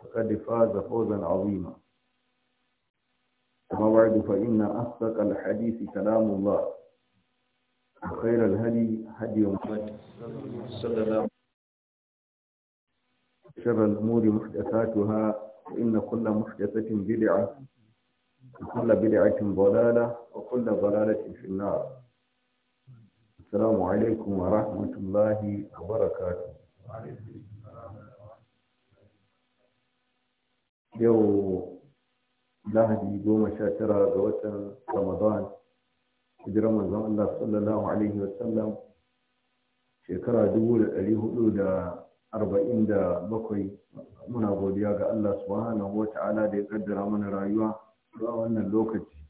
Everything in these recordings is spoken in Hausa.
فقد فاز فوزا عظيما أما بعد فإن أصدق الحديث كلام الله وخير الهدي هدي محمد صلى الله عليه وسلم شر الأمور محدثاتها إن كل محدثة بدعة وكل بدعة ضلالة وكل ضلالة في النار السلام عليكم ورحمة الله وبركاته yau lahadi goma sha tara ga watan ramadan hijirar manzon Allah sallallahu alaihi sallam shekara dubu da ɗari hudu da arba'in da bakwai muna godiya ga Allah subhanahu ta'ala da ya kaddara mana rayuwa a wannan lokaci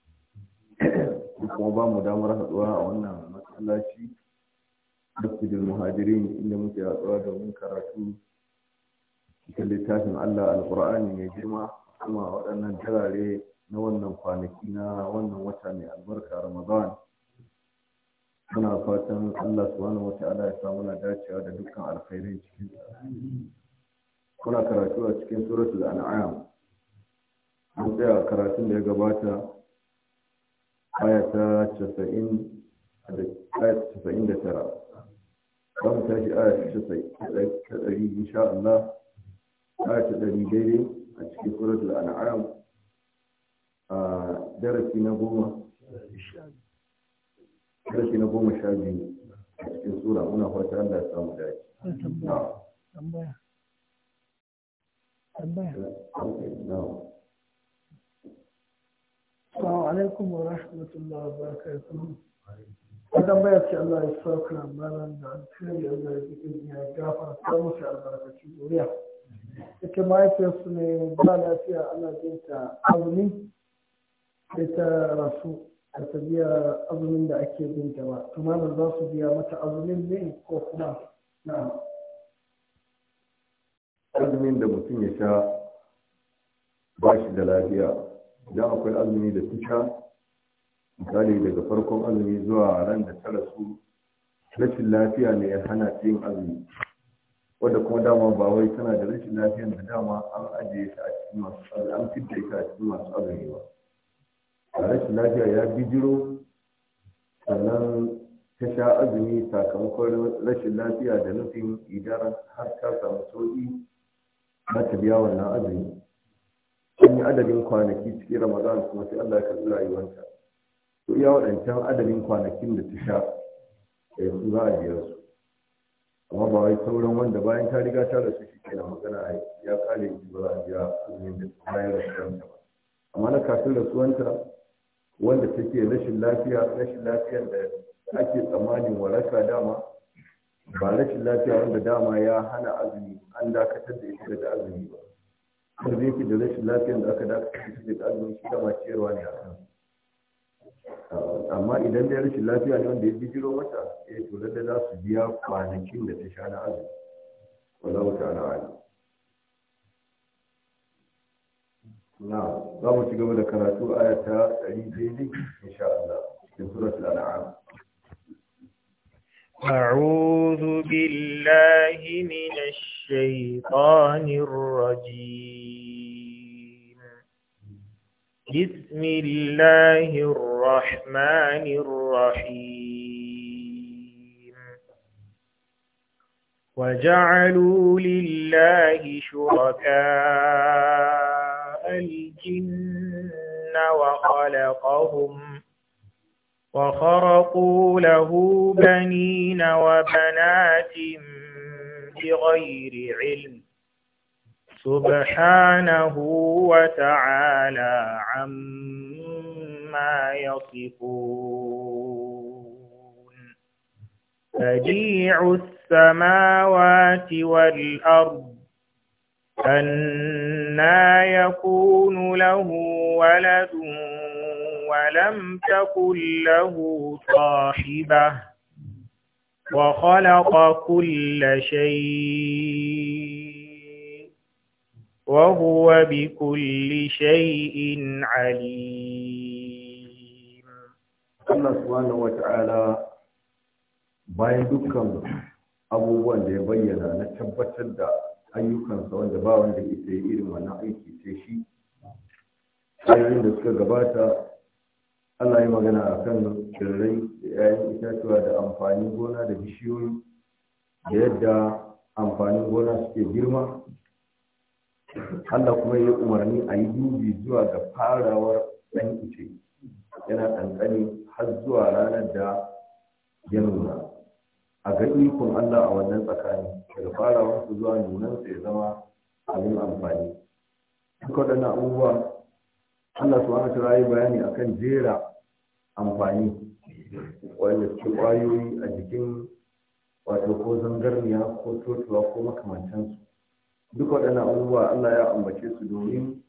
kuma ba mu damar haɗuwa a wannan masallaci masjidil muhajirin inda muke haɗuwa domin karatu cikin littafin Allah alkur'ani mai girma kuma waɗannan tarare na wannan kwanaki na wannan wata mai albarka Ramadan muna fatan Allah subhanahu wata'ala ya samu na dacewa da dukkan alkhairin cikin kuna karatu a cikin suratul an'am An tsaya karatun da ya gabata aya ta 90 da tara za mu tashi aya ta 90 insha Allah aya ta ɗari daidai a cikin suratul an'am a darasi na goma darasi na goma sha biyu a cikin sura muna fata Allah ya samu dace tambaya tambaya Assalamu alaikum wa rahmatullahi wa barakatuhu. Wadan bayar ce Allah ya sauka malam da alkhairi Allah ya cikin ya gafarta musu albarkacin duniya. ita mahaifiyarsu ne ba lafiya ana jinta azumi sai ta rasu da ta biya azumin da ake binta ba kuma za su biya mata azumin ne ko kuma na azumin da mutum ya sha ba shi da lafiya idan akwai azumi da sha misali daga farkon azumi zuwa ran da ta rasu rashin lafiya ne ya hana yin azumi wadda kuma dama ba wai tana da rashin lafiyar da dama an ajiye ta a cikin masu tsari an fidda ita a cikin masu azumi ba a rashin lafiya ya bijiro sannan ta sha azumi sakamakon rashin lafiya da nufin idan har ta samu sauƙi na ta biya wannan azumi an yi adadin kwanaki cikin ramadan kuma sai allah ya karɓi rayuwarta to iya waɗancan adadin kwanakin da ta sha eh, su za a biyar su amma ba wai sauran wanda bayan ta riga ta rasu shi kenan magana ya kare shi ba za a biya kuɗin da bayan rasuwanta ba amma na kafin rasuwanta wanda take rashin lafiya rashin lafiyar da ake tsammanin waraka dama ba rashin lafiya wanda dama ya hana azumi an dakatar da ita daga azumi ba zai yake da rashin lafiyar da aka dakatar da ita da azumi shi dama ciyarwa ne a kan amma idan da rashin lafiya ne wanda ya bijiro mata ya eh, to da za su biya kwanakin da ta sha na azumi wallahu ta'ala alim na za mu ci gaba da karatu aya ta 100 insha Allah cikin suratul an'am أعوذ بالله من الشيطان الرجيم بسم الله الرحمن الرحيم وجعلوا لله شركاء الجن وخلقهم وخرقوا له بنين وبنات بغير علم سبحانه وتعالى عما يصفون بديع السماوات والأرض أنا يكون له ولد ولم تكن له صاحبة وخلق كل شيء وهو بكل شيء عليم الله سبحانه وتعالى bayan dukkan abubuwan da ya bayyana na tabbatar da ayyukansa wanda ba wanda ita yi irin wannan aiki sai shi ayoyin da suka gabata Allah ya magana a kan tsirrai da 'ya'yan itatuwa da amfanin gona da bishiyoyi da yadda amfanin gona suke girma Allah kuma ya umarni a yi dubi zuwa ga farawar ɗan ice yana ƙanƙani har zuwa ranar da ya nuna a ga ikon Allah a wannan tsakani daga farawar su zuwa nunan ya zama abin amfani duk waɗannan abubuwa Allah su wani tura bayani bayani akan jera amfani wanda suke ƙwayoyi a jikin wato ko zangarniya ko totuwa ko makamantansu duk waɗannan abubuwa Allah ya ambace su domin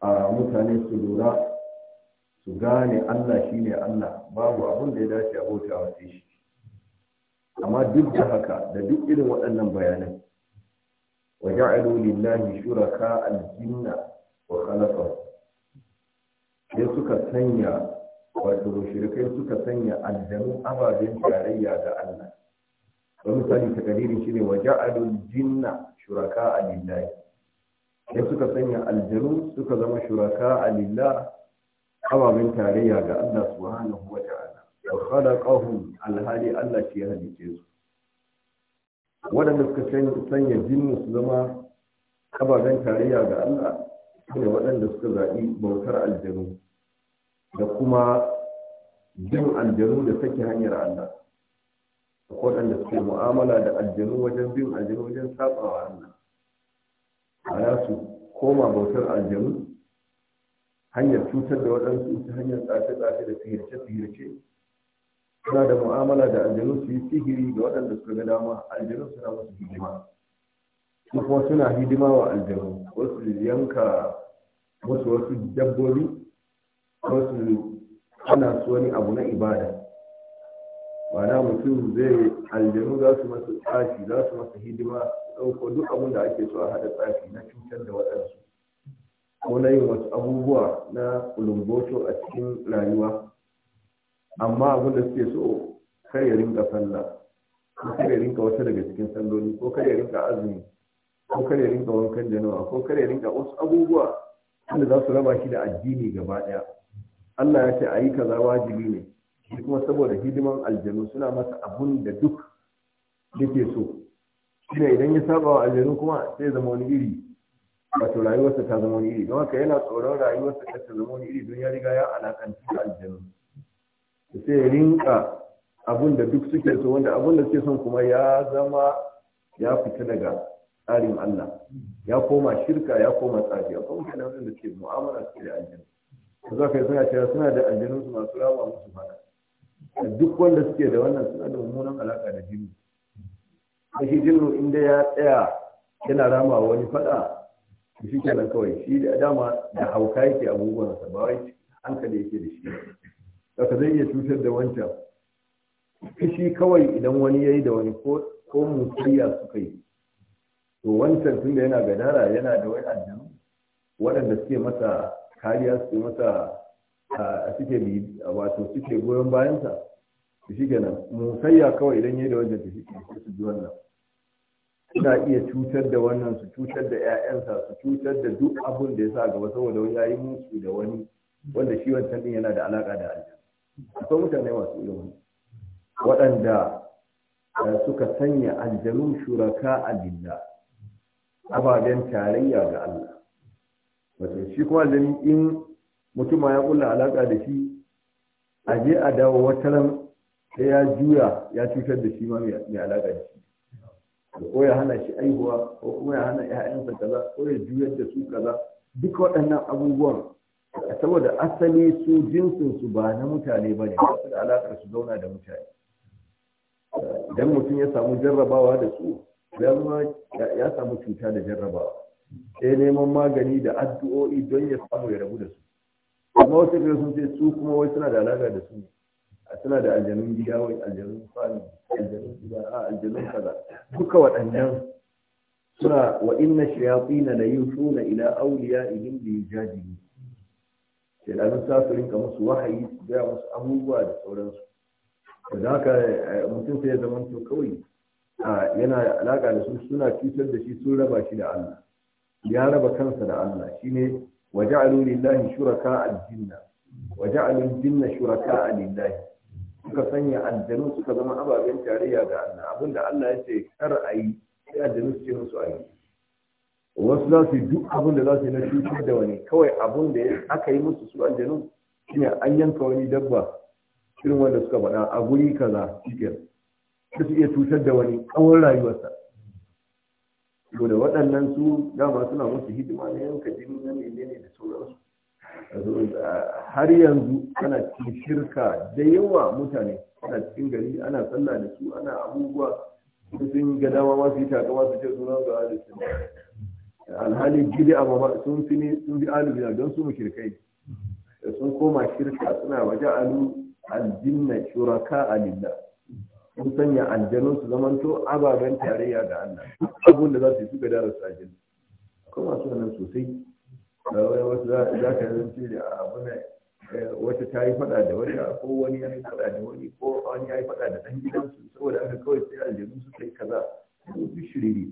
a mutane su lura su gane Allah shi ne Allah babu abin da ya dace a bauta a sai shi amma duk da haka da duk irin waɗannan bayanan wa ja'alu lillahi shuraka al-jinna wa khalaqa sai suka sanya wato shirkai suka sanya aljanu ababen tarayya ga Allah don misali takadirin shi ne wa jinna shuraka a lillahi suka sanya aljanu suka zama shuraka a lillah ababen tarayya ga Allah subhanahu wa ta'ala wa khalaqahum alhali Allah ke halice su wadanda suka sanya jinnu su zama ababen tarayya ga Allah ne wadanda suka zaɓi bautar aljanu da kuma jin aljanu da sake hanyar Allah waɗanda suke mu'amala da aljanu wajen bin aljanu wajen saɓawa Allah ya su koma bautar aljanu hanyar cutar da waɗansu ta hanyar tsace-tsace da sihirce-sihirce suna da mu'amala da aljanu su yi sihiri da waɗanda suka ga dama aljanu suna musu hidima su kuma suna hidima wa aljanu wasu yanka wasu wasu dabbobi wasu ana su wani abu na ibada wana mutum zai aljanu za su masa tsafi za su masa hidima ɗauko duk abin da ake so a haɗa tsafi na cutar da waɗansu ko na yin wasu abubuwa na ulumboto a cikin rayuwa amma abin da suke so kar ya rinka sallah ko kar ya rinka wata daga cikin salloli ko kar ya rinka azumi ko kar ya rinka wankan janawa ko kar ya rinka wasu abubuwa wanda za su raba shi da addini gaba ɗaya Allah ya ce a yi kaza wajibi ne shi kuma saboda hidiman aljanu suna masa abun da duk yake so shine idan ya saba wa aljanu kuma sai zama wani iri wato rayuwarsa ta zama wani iri don haka yana tsoron rayuwarsa ta ta zama wani iri don ya riga ya alakanci da aljanu sai ya rinka abun da duk suke so wanda abun da suke son kuma ya zama ya fita daga tsarin Allah ya koma shirka ya koma tsafi akwai mutane wanda suke mu'amala suke da aljanu za ka yi suna cewa suna da aljanu su masu rama musu fada duk wanda suke da wannan suna da mummunan alaka da jini a shi jinnu inda ya tsaya yana rama wani fada shi kenan kawai shi da dama da hauka yake abubuwan sa ba wai hankali yake da shi daga zai iya cutar da wancan shi kawai idan wani yayi da wani ko ko musayya suka yi to wancan tun da yana gadara yana da wani aljanu waɗanda suke masa kariya suke masa a suke wato suke goyon bayansa shi kenan kawai idan yayi da wajen ta su ji wannan suna iya cutar da wannan su cutar da 'ya'yansa su cutar da duk abin da ya sa gaba saboda wani yayi musu da wani wanda shi wancan din yana da alaka da aljanna akwai mutane masu ilimi waɗanda eh, suka sanya aljanu shuraka a lillah ababen tarayya ga Allah wato shi kuma aljani in mutum ya kula alaka da shi a je a dawo wata sai ya juya ya cutar da shi ma mai alaƙa da shi ko ya hana shi aihuwa ko kuma ya hana ‘ya'yansa kaza ko ya juyar da su kaza duk waɗannan abubuwan saboda asali su jinsinsu ba na mutane ba ne ba su da alaƙar su zauna da mutane idan mutum ya samu jarrabawa da su ya zama ya samu cuta da jarrabawa sai neman magani da addu'o'i don ya samu ya rabu da su amma wasu sun ce su kuma wai suna da alaƙa da su ne a suna da aljanun gida wai aljanun fani aljanun gida a aljanun kaza duka waɗannan suna wa inna shayatina la yusuna ila awliyaihim bi da shaytanun sa su rinka musu wahayi su gaya musu abubuwa da sauransu da haka eh, mutum sai ya zama to kawai yana alaka da su suna cutar da shi sun raba shi da Allah ya raba kansa da Allah shine waja'alu lillahi shuraka al-jinna waja'alu al-jinna shuraka lillahi suka sanya aljanu suka zama ababen tarayya ga Allah abinda Allah ya ce kar a yi sai aljanu su musu a yi wasu za su duk abin da za su yi na cutar da wani kawai abin da aka yi musu su aljanu shine an yanka wani dabba irin wanda suka faɗa a guri kaza cikin Su su iya cutar da wani tsawon rayuwarsa to da waɗannan su dama suna musu hidima na yanka jini na ne da sauransu har yanzu ana cikin shirka da yawa mutane ana cikin gari ana sallah da su ana abubuwa sun ga dama ma su yi takama su ce suna ga alisun alhali gidi amma sun fi ne sun fi alibi don su mu mushrikai sun koma shirka suna waje alu aljinna shuraka alillah sun sanya aljanun su to ababen tarayya da Allah abun da za su yi su ga darasu aljanna akwai masu wannan sosai wasu za ka zance da abuna eh, wata ta yi faɗa da wata ko wani ya yi faɗa da wani ko wani ya yi faɗa da ɗan gidansu saboda aka kawai sai aljanu su kai kaza ko su shiriri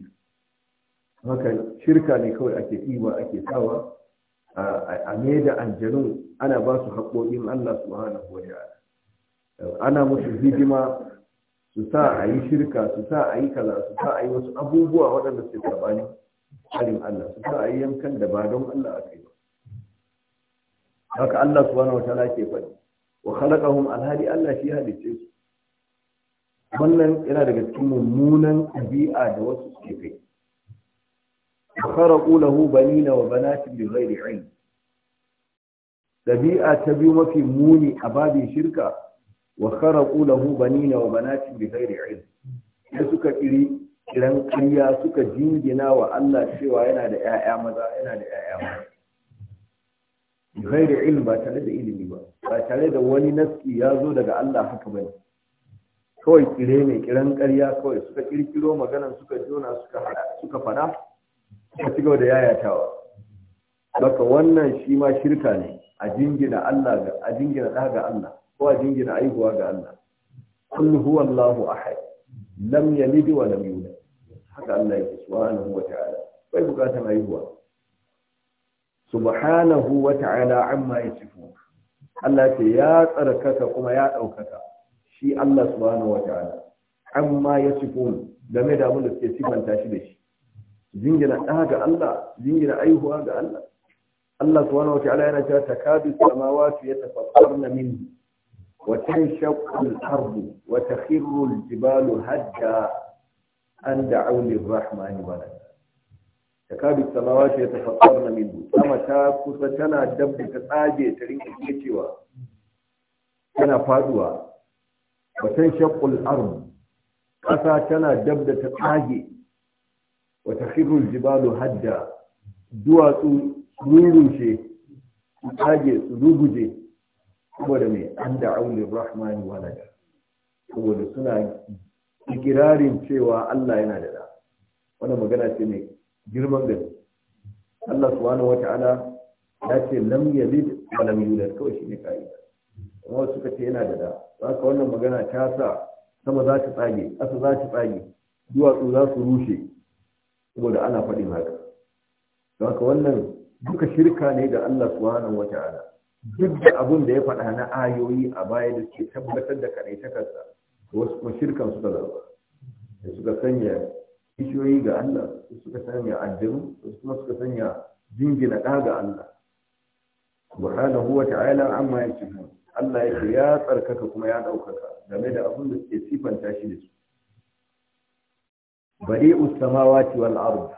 haka shirka ne kawai ake ɗiba ake sawa a me da aljanun ana ba su haƙoƙin Allah subhanahu wa ta'ala ana musu hidima su sa a yi shirka su sa a yi kaza su sa a yi wasu abubuwa waɗanda suke saɓani tsarin Allah su sa a yankan da ba don Allah a kai ba haka Allah subhanahu wa ta'ala ke faɗi wa khalaqahum alhali Allah shi halicce su wannan yana daga cikin mummunan ɗabi'a da wasu suke kai wa kharaqu lahu banina wa banatin bi ghairi ilm ɗabi'a ta biyu mafi muni a babin shirka wa kharaqu lahu banina wa banatin bi ghairi ilm sai suka kiri kiran ƙarya suka jingina wa Allah cewa yana da ‘ya'ya maza yana da ‘ya'ya maza. da ilm ba tare da ilimi ba, ba tare da wani naski ya zo daga Allah haka bane. Kawai kire ne kiran ƙarya kawai suka kirkiro magana suka jona suka hada suka fada suka ci da yayatawa. Baka wannan shi ma shirka ne a jingina Allah ga a jingina ɗa ga Allah ko a jingina aihuwa ga Allah. Kullu huwa Allahu ahad. lam yalid wa lam yulad haka Allah yake subhanahu wa ta'ala bai bukatar haihuwa subhanahu wa ta'ala amma ya yasifu Allah ce ya tsarkaka kuma ya ɗaukaka shi Allah subhanahu wa ta'ala amma ya yasifun game da abin da suke sifanta shi da shi jingina ɗa ga Allah jingina aihuwa ga Allah Allah subhanahu wa ta'ala yana cewa takadu samawati yatafassarna minhu wa tanshaqqu al-ardu wa takhirru al-jibalu hadda an rahmani kabi samawa shi ya samawati na minhu sama ta kusa tana dabbi ta tsage ta rinka cewa tana faduwa watan shakul ard ƙasa tana dabda ta tsage wata khirul jibalu hadda duwatsu rurushe su tsage su ruguje saboda mai an aulin rahmani walad saboda suna ikirarin cewa Allah yana da da wannan magana ce mai girman gani Allah subhanahu wata'ala ya ce lam yalid wa lam yulad kawai shine kaida kuma suka ce yana da da haka wannan magana ta sa sama za ta tsage ƙasa za ta tsage duwatsu za su rushe saboda ana faɗin haka Za haka wannan duka shirka ne ga Allah subhanahu wata'ala duk da abin da ya faɗa na ayoyi a baya da ke tabbatar da kare kaɗaitakarsa wasu kuma shirkan suka zaba da suka sanya kishiyoyi ga Allah da suka sanya addinu da kuma suka sanya jingina ɗa ga Allah subhanahu huwa ta'ala amma ya ce Allah ya ya tsarkaka kuma ya ɗaukaka game da abin da suke sifanta shi da su bari'us samawati wal ard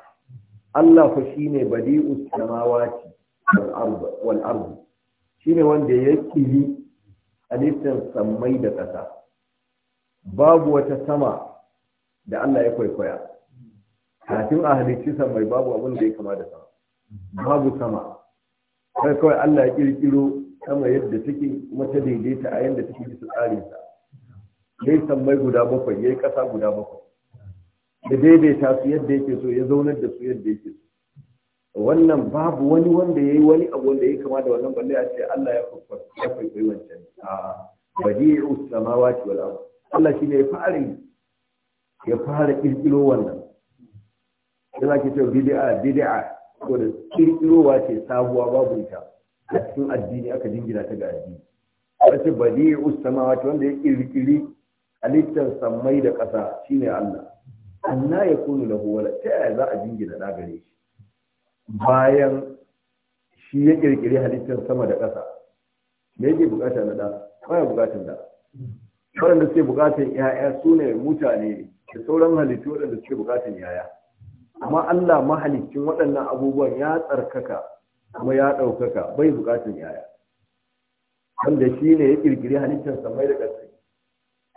Allah fa shine bari'us samawati wal ard wal ard shine wanda ya yi alistan sammai da ƙasa babu wata sama da Allah ya kwaikwaya kafin a halicci mai babu abin da ya kama da sama babu sama kai kawai Allah ya kirkiro sama yadda take mata daidaita a yadda take bisa tsarinsa ya yi sammai guda bakwai ya kasa ƙasa guda bakwai da daidaita su yadda yake so ya zaunar da su yadda yake so wannan babu wani wanda yayi wani abu wanda ya kama da wannan balle a ce Allah ya kwaikwayi wancan a badi'u samawati wal ardh Allah shi ne ya fara ya fara kirkiro wannan za ke cewa bid'a bid'a ko da kirkirowa ce sabuwa babu ita a cikin addini aka jingina ta ga addini wace badi'u samawati wanda ya kirkiri halittar samai da ƙasa shine Allah anna kunu lahu wala ta yaya za a jingina da gare shi bayan shi ya kirkiri halittar sama da ƙasa me yake bukata na da baya buƙatar da waɗanda suke buƙatar 'ya'ya su ne mutane da sauran halittu waɗanda suke buƙatar 'ya'ya amma Allah mahalicin waɗannan abubuwan ya tsarkaka kuma ya ɗaukaka bai buƙatar 'ya'ya wanda shi ne ya ƙirƙiri halittar samai da ƙasa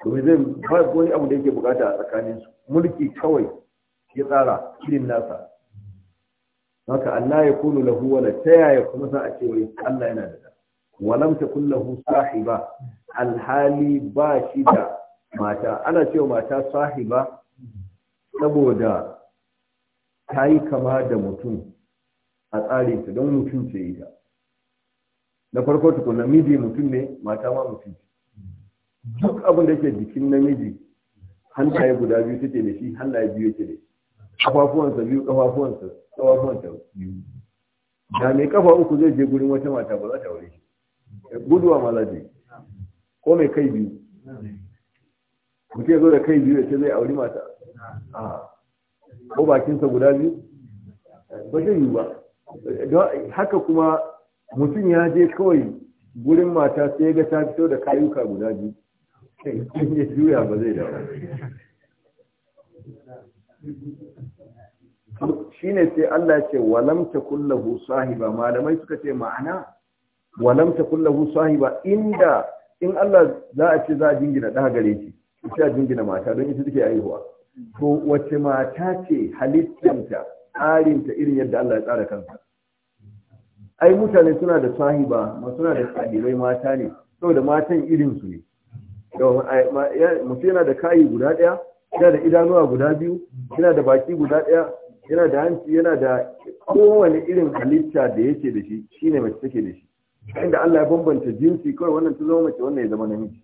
domin zai ba wani abu da yake buƙata a tsakaninsu mulki kawai ya tsara irin nasa Maka Allah ya kunu lahu wala ta yaya kuma sa a ce wai Allah yana da walam takun lahu sahiba alhali ba shi da mata ana cewa mata sahiba saboda ta yi kama da mutum a tsarin ta don mutum ce ita na farko tukun namiji mutum ne mata ma mutum ce duk abin da ke jikin namiji hannaye guda biyu take da shi hannaye biyu yake da shi kafafuwansa biyu kafafuwansa kafafuwansa biyu da mai kafa uku zai je gurin wata mata ba za ta aure shi guduwa malaje ko mai kai biyu mutum ya zo da kai biyu ya ce zai auri mata ko bakinsa guda biyu ba zai yi ba haka kuma mutum ya je kawai gurin mata sai ga ta fito da kayuka guda biyu in ya juya ba zai dawo shi ne sai Allah ce walam ta kullahu sahiba malamai suka ce ma'ana wa lam takul lahu sahiba inda in Allah za a ce za a jingina da gare shi sai a jingina mata don ita take aihuwa to wace mata ce halittanta tsarinta irin yadda Allah ya tsara kansa ai mutane suna da sahiba ma suna da sahibai mata ne saboda matan irin su ne mutum yana da kayi guda ɗaya yana da idanuwa guda biyu yana da baki guda ɗaya yana da hanci yana da kowane irin halitta da yake da shi shine mace take da shi inda Allah ya bambanta jinsi kawai wannan ta zama mace wannan ya zama namiji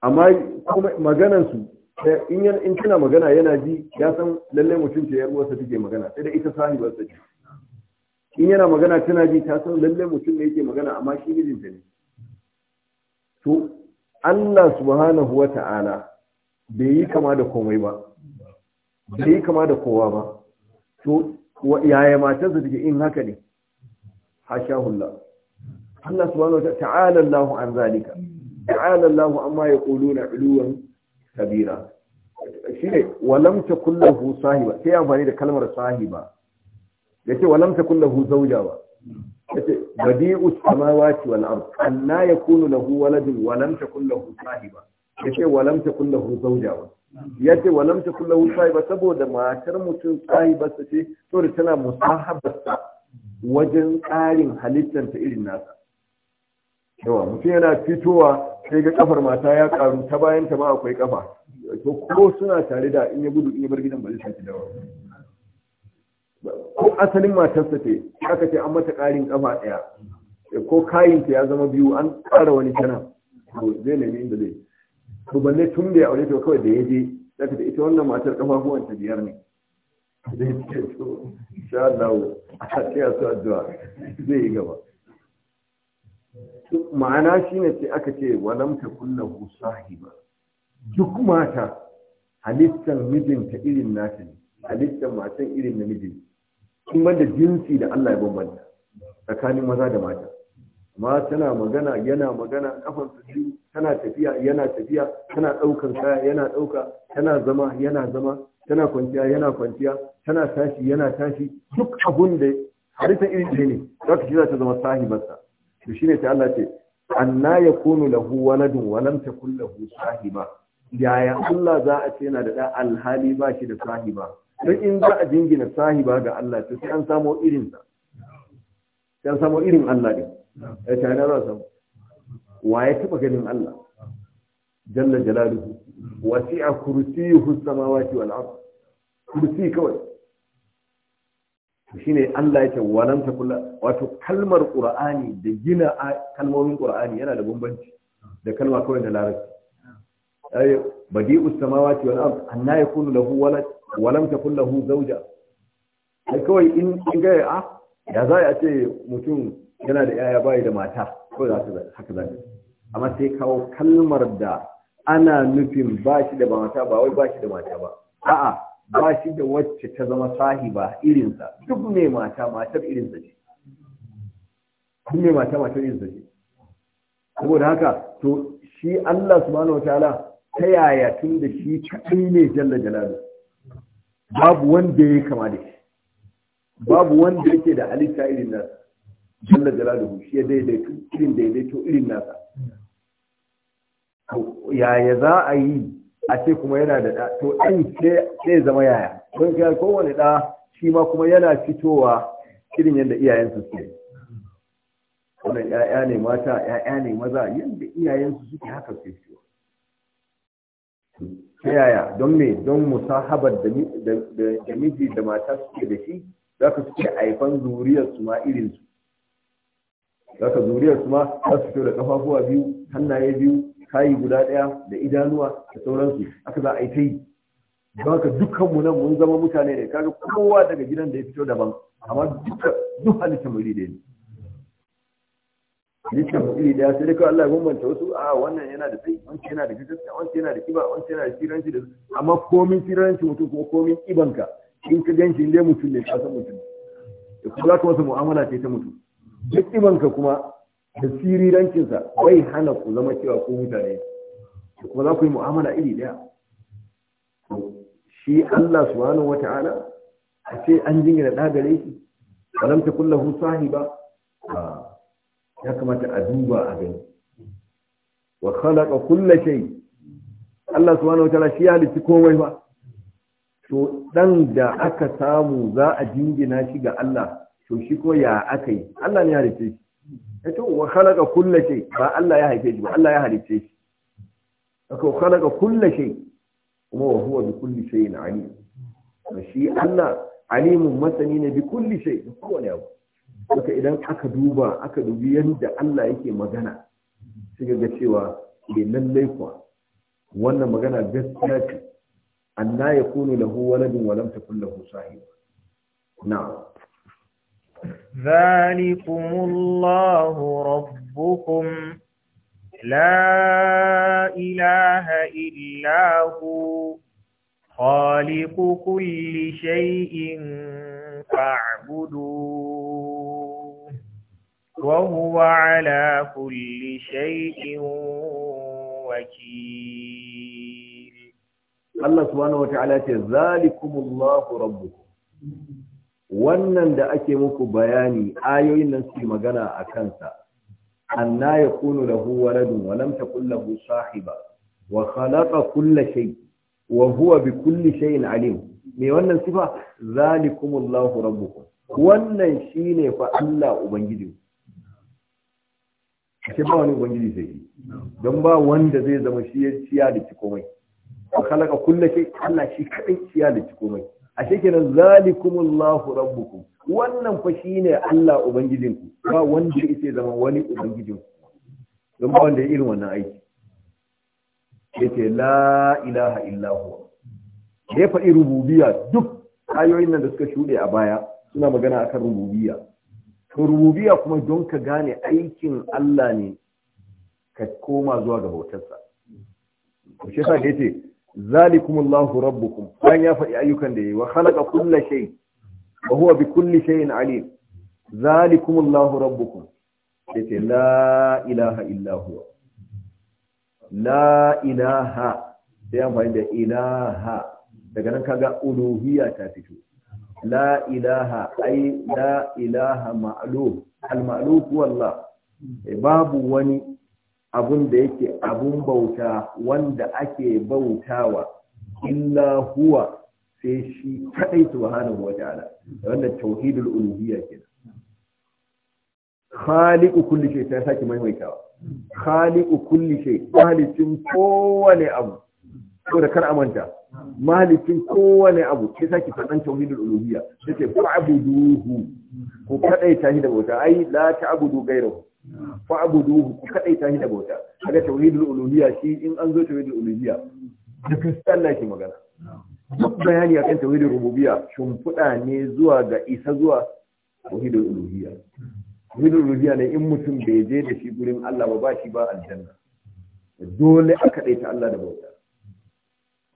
amma kuma maganar su in yana in tana magana yana ji ya san lalle mutum ce yar uwarsa take magana sai da ita sahibar sa in yana magana tana ji ta san lalle mutum ne yake magana amma shi ta ne to Allah subhanahu wa ta'ala bai yi kama da komai ba bai yi kama da kowa ba to yaya matarsa take in haka ne hasha hula. Allah subhanahu wa ta'ala Allah an zalika ta'ala Allah amma yaquluna uluwan kabira shine walam takul lahu sahiba sai amfani da kalmar sahiba yace walam takul lahu zawja yace badi'u samawati wal ard anna yakunu lahu waladun walam takul lahu sahiba yace walam takul lahu zawja yace walam takul lahu sahiba saboda matar mutum sahiba ce saboda tana musahabata wajen tsarin halittar ta irin nasa yawa mutum yana fitowa sai ga kafar mata ya karu ta bayan ta ma akwai kafa to ko suna tare da in ya gudu in ya bar gidan ba zai sake dawo ko asalin matar sa ce aka ce an mata karin kafa daya ko ta ya zama biyu an kara wani tana to zai nemi inda zai to balle tun da ya aure ta kawai da ya je zaka da ita wannan matar kafafuwan ta biyar ne zai ce to insha Allah a ce su addu'a zai yi gaba ma'ana shine sai aka ce walam kunna hu sahiba duk mata halittar mijinta irin nata ne halittar matan irin na mijin kuma da jinsi da Allah ya bambanta tsakanin maza da mata ma tana magana yana magana kafar su tana tafiya yana tafiya tana daukar kaya yana ɗauka tana zama yana zama tana kwanciya yana kwanciya tana tashi yana tashi duk abun da halittar irin ne za ka shi za ta zama sahibarsa to shine ta Allah ce anna yakunu lahu waladun wa lam takul lahu sahiba yaya Allah za a ce yana da da alhali ba shi da sahiba don in za a jingina sahiba ga Allah to sai an samo irin sa sai an samo irin Allah din eh ta na za samu wa ya taba ganin Allah jalla jalaluhu wasi'a kursiyuhu samawati wal ard kursi kawai shine Allah yake walan ta kula wato kalmar Qur'ani da gina kalmomin Qur'ani yana da bambanci da kalma kawai da larabci ay badi'u samawati wal ard anna yakunu lahu walad lam takun lahu zawja ai kawai in in ga a ya za a ce mutum yana da yaya bai da mata ko za ta haka zai amma sai kawo kalmar da ana nufin ba shi da mata ba wai ba shi da mata ba a'a ba shi da wacce ta zama sahiba irinsa duk mai mata matar irinsa ce duk mai mata matar irinsa ce saboda haka to shi Allah subhanahu wataala ta yaya tun da shi kaɗai ne jalla jalalu babu wanda ya kama da shi babu wanda yake da alita irin nasa jalla Jalalu shi ya daidaito irin daidaito irin nasa yaya za a yi a ce kuma yana da ɗa to ɗan sai zama yaya don kai kowane ɗa shi ma kuma yana fitowa irin yadda iyayensu suke wannan ƴaƴa ne mata ƴaƴa ne maza yadda iyayensu suke haka suke fitowa ta yaya don me don musahabar da miji da mata suke da shi za ka suke haifan zuriyar su ma irin su za ka zuriyar su ma za su fito da kafafuwa biyu hannaye biyu tayi guda ɗaya da idanuwa da sauransu aka za a yi ta yi don haka dukkanmu nan mun zama mutane ne kaga kowa daga gidan da ya fito daban amma duka duk halitta mu iri ɗaya halitta mu iri ɗaya sai dai kawai Allah ya bambanta wasu a ah, wannan yana da sai wancan yana da gaskiya wancan yana da kiba wancan yana da siranci da amma komin siranci mutum kuma komin kibanka in ka ganshi in dai mutum ne ka san mutum da kuma za ka wasa mu'amala ce ta mutum duk ibanka kuma da sirirancinsa bai hana ku zama cewa ko mutane kuma za ku yi mu'amala iri daya shi Allah subhanahu ta'ala a ce an jingina da gare shi alam ta kullahu sahiba ya kamata a duba a gani wa khalaqa kulla shay Allah subhanahu ta'ala shi ya halitta komai ba to dan da aka samu za a jingina shi ga Allah to shi ko ya akai Allah ne ya halitta shi ito wa khalaqa kulle shay ba Allah ya haife shi ba Allah ya halice shi aka wa khalaqa kulla shay kuma wa huwa bi kulli shay'in alim shi Allah alimun masani ne bi kulli shay kowane abu saka idan aka duba aka dubi yadda Allah yake magana sai ga cewa bai eh, lallai kuwa wannan magana gaskiya ce anna yakunu lahu waladun wa lam takul lahu sahiba na'am ذلكم الله ربكم لا إله إلا هو خالق كل شيء فاعبدوه وهو على كل شيء وكيل الله سبحانه وتعالى ذلكم الله ربكم wannan da ake muku bayani ayoyin nan su magana a kansa anna yakunu lahu waladun wa lam takul lahu sahiba wa khalaqa kulla shay wa huwa bi kulli shay'in alim me wannan sifa zalikumullahu rabbukum wannan shine fa Allah ubangiji ake ba wani ubangiji sai don ba wanda zai zama shi ya ciya da ci komai wa khalaqa kulla shay Allah shi kadai ciya da ci komai a kenan zalikumullahu rabbukum wannan fa shine Allah ubangijinku ba wanda yake zama wani ubangijinku don ba wanda ya irin wannan aiki yake la ilaha illa huwa ya faɗi rububiya duk ayoyin nan da suka shuɗe a baya suna magana akan rububiyya to rububiyya kuma don ka gane aikin Allah ne ka koma zuwa ga bautarsa ko shi yasa yace zalikumullahu rabbukum bayan ya faɗi ayyukan da yayi wa khalaqa kulla shay wa huwa bi kulli shay'in alim zalikumullahu rabbukum yace la ilaha illa huwa la ilaha sai amfani da ilaha daga nan kaga uluhiyya ta fito la ilaha ai la ilaha ma'luf al-ma'luf huwa Allah babu wani abun da yake abun bauta wanda ake bautawa illa huwa sai shi kadai subhanahu wata'ala wanda tauhidul uluhiyya kenan khaliqu kulli shay sai saki maimaitawa khaliqu kulli shay khaliqin kowane abu ko da kar amanta malikin kowane abu sai saki fadan tauhidul uluhiyya sai hu, ko kadai tahi da bauta ai la ta'budu ghayrahu abuduhu ku kadai shi da bauta kaga tauhidul uluhiyya shi in an zo tauhidul uluhiyya da kristan na ke magana duk bayani akan tauhidul rububiyya shimfiɗa ne zuwa ga isa zuwa tauhidul uluhiyya tauhidul uluhiyya ne in mutum bai je da shi gurin Allah ba ba shi ba aljanna dole a ta Allah da bauta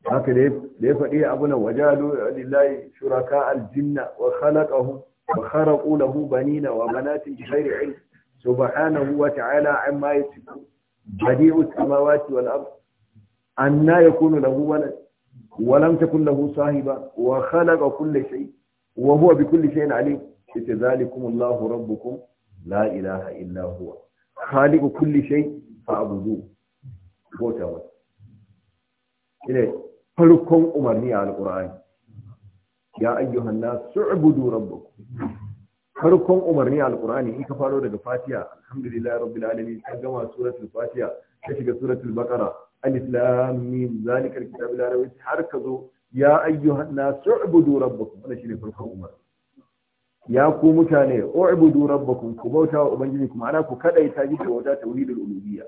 haka da ya faɗi abu nan wajadu lillahi shuraka aljinna wa khalaqahu wa kharaqu lahu banina wa banatin bi ghairi ilm subhanahu wa ta'ala amma yasifu badi'u samawati wal ard anna yakunu lahu walad wa lam takun lahu sahiba wa khalaqa kulla shay wa huwa bi kulli shay'in alim zalikum Allahu rabbukum la ilaha illa huwa khaliqu kulli shay fa'budu bota wa ile farkon umarni a alqur'ani ya ayyuhan nas su'budu rabbakum farkon umarni alkur'ani in ka faro daga fatiha alhamdulillahi rabbil alamin ka gama suratul fatiha ka shiga suratul baqara alif lam mim zalikal kitabu la rayba har ka zo ya ayyuhan nasu ubudu rabbakum wannan shine farkon umarni ya ku mutane ubudu rabbakum ku bauta wa ubangiji kuma ana ku kadaita ji da wata tauhidul uluhiyya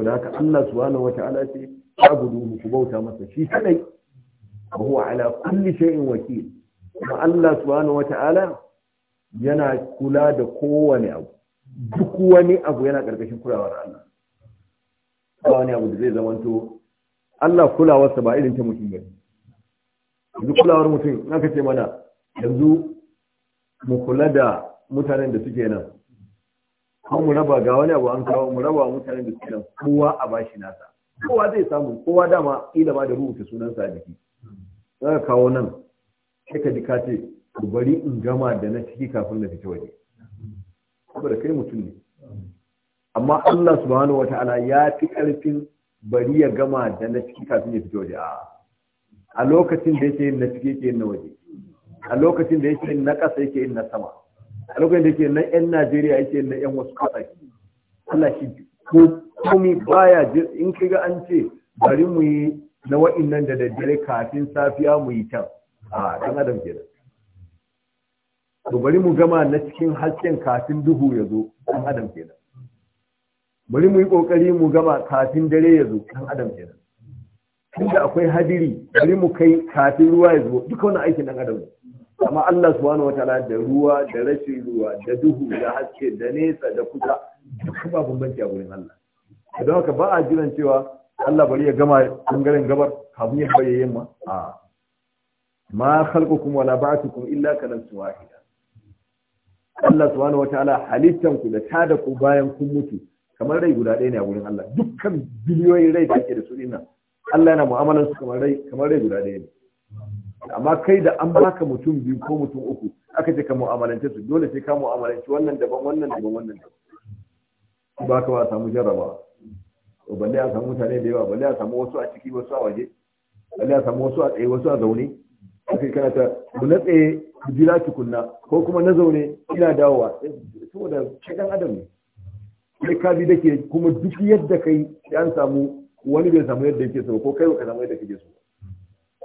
wanda Allah subhanahu wata'ala ce abudu ku bauta masa shi kadai wa huwa ala kulli shay'in wakil kuma Allah subhanahu wata'ala yana kula da kowane abu duk wani abu yana ƙarƙashin kulawar Allah kowane wani abu da zai zamanto Allah kulawarsa ba irin ta mutum ba yanzu kulawar mutum na kace mana yanzu mu kula da mutanen da suke nan an mu raba ga wani abu an kawo mu raba mutanen da suke nan kowa a bashi nasa kowa zai samu kowa dama ila ma da rubuta sunansa a jiki za ka kawo nan sai ka ji ka ce ku bari in gama da na ciki kafin na fita waje saboda kai mutum ne amma Allah subhanahu wata'ala ya fi karfin bari ya gama da na ciki kafin ya fita waje a lokacin da yake yin na ciki yake yin na waje a lokacin da yake yin na ƙasa yake yin na sama a lokacin da yake na 'yan Najeriya yake yin na 'yan wasu ƙasashe Allah shi komi baya in kiga an ce bari mu yi na nan da daddare kafin safiya mu yi can a ɗan adam kenan to bari mu gama na cikin hasken kafin duhu ya zo ɗan adam kenan bari mu yi ƙoƙari mu gama kafin dare ya zo ɗan adam ke kenan tunda akwai hadiri bari mu kai kafin ruwa ya zo duka wani aikin ɗan adam amma Allah subhanahu wataala da ruwa da rashin ruwa da duhu da haske da nesa da kusa duk ba bambanci a wurin Allah don haka ba a jiran cewa Allah bari ya gama ɓangaren gabar kafin ya bayyana yamma a ma khalqukum wala ba'thukum illa kanafsin wahida Allah subhanahu wataala halittan ku da tada ku bayan kun mutu kamar rai guda ɗaya ne a wurin Allah dukkan biliyoyin rai da ake da su dinnan Allah yana mu'amalar su kamar rai kamar rai guda ɗaya ne amma kai da an baka mutum biyu ko mutum uku aka ce ka mu'amalance su dole sai ka mu'amalanci wannan daban wannan daban wannan daban ba ka ba a samu jarrabawa balle a samu mutane da yawa balle a samu wasu a ciki wasu a waje balle a samu wasu a tsaye wasu a zaune aka kana ta na tsaye ku jira tukunna ko kuma na zaune ina dawowa saboda shaɗan adam ne kai ka bi dake kuma duk yadda kai an samu wani bai samu yadda yake so ko kai ka samu yadda kake so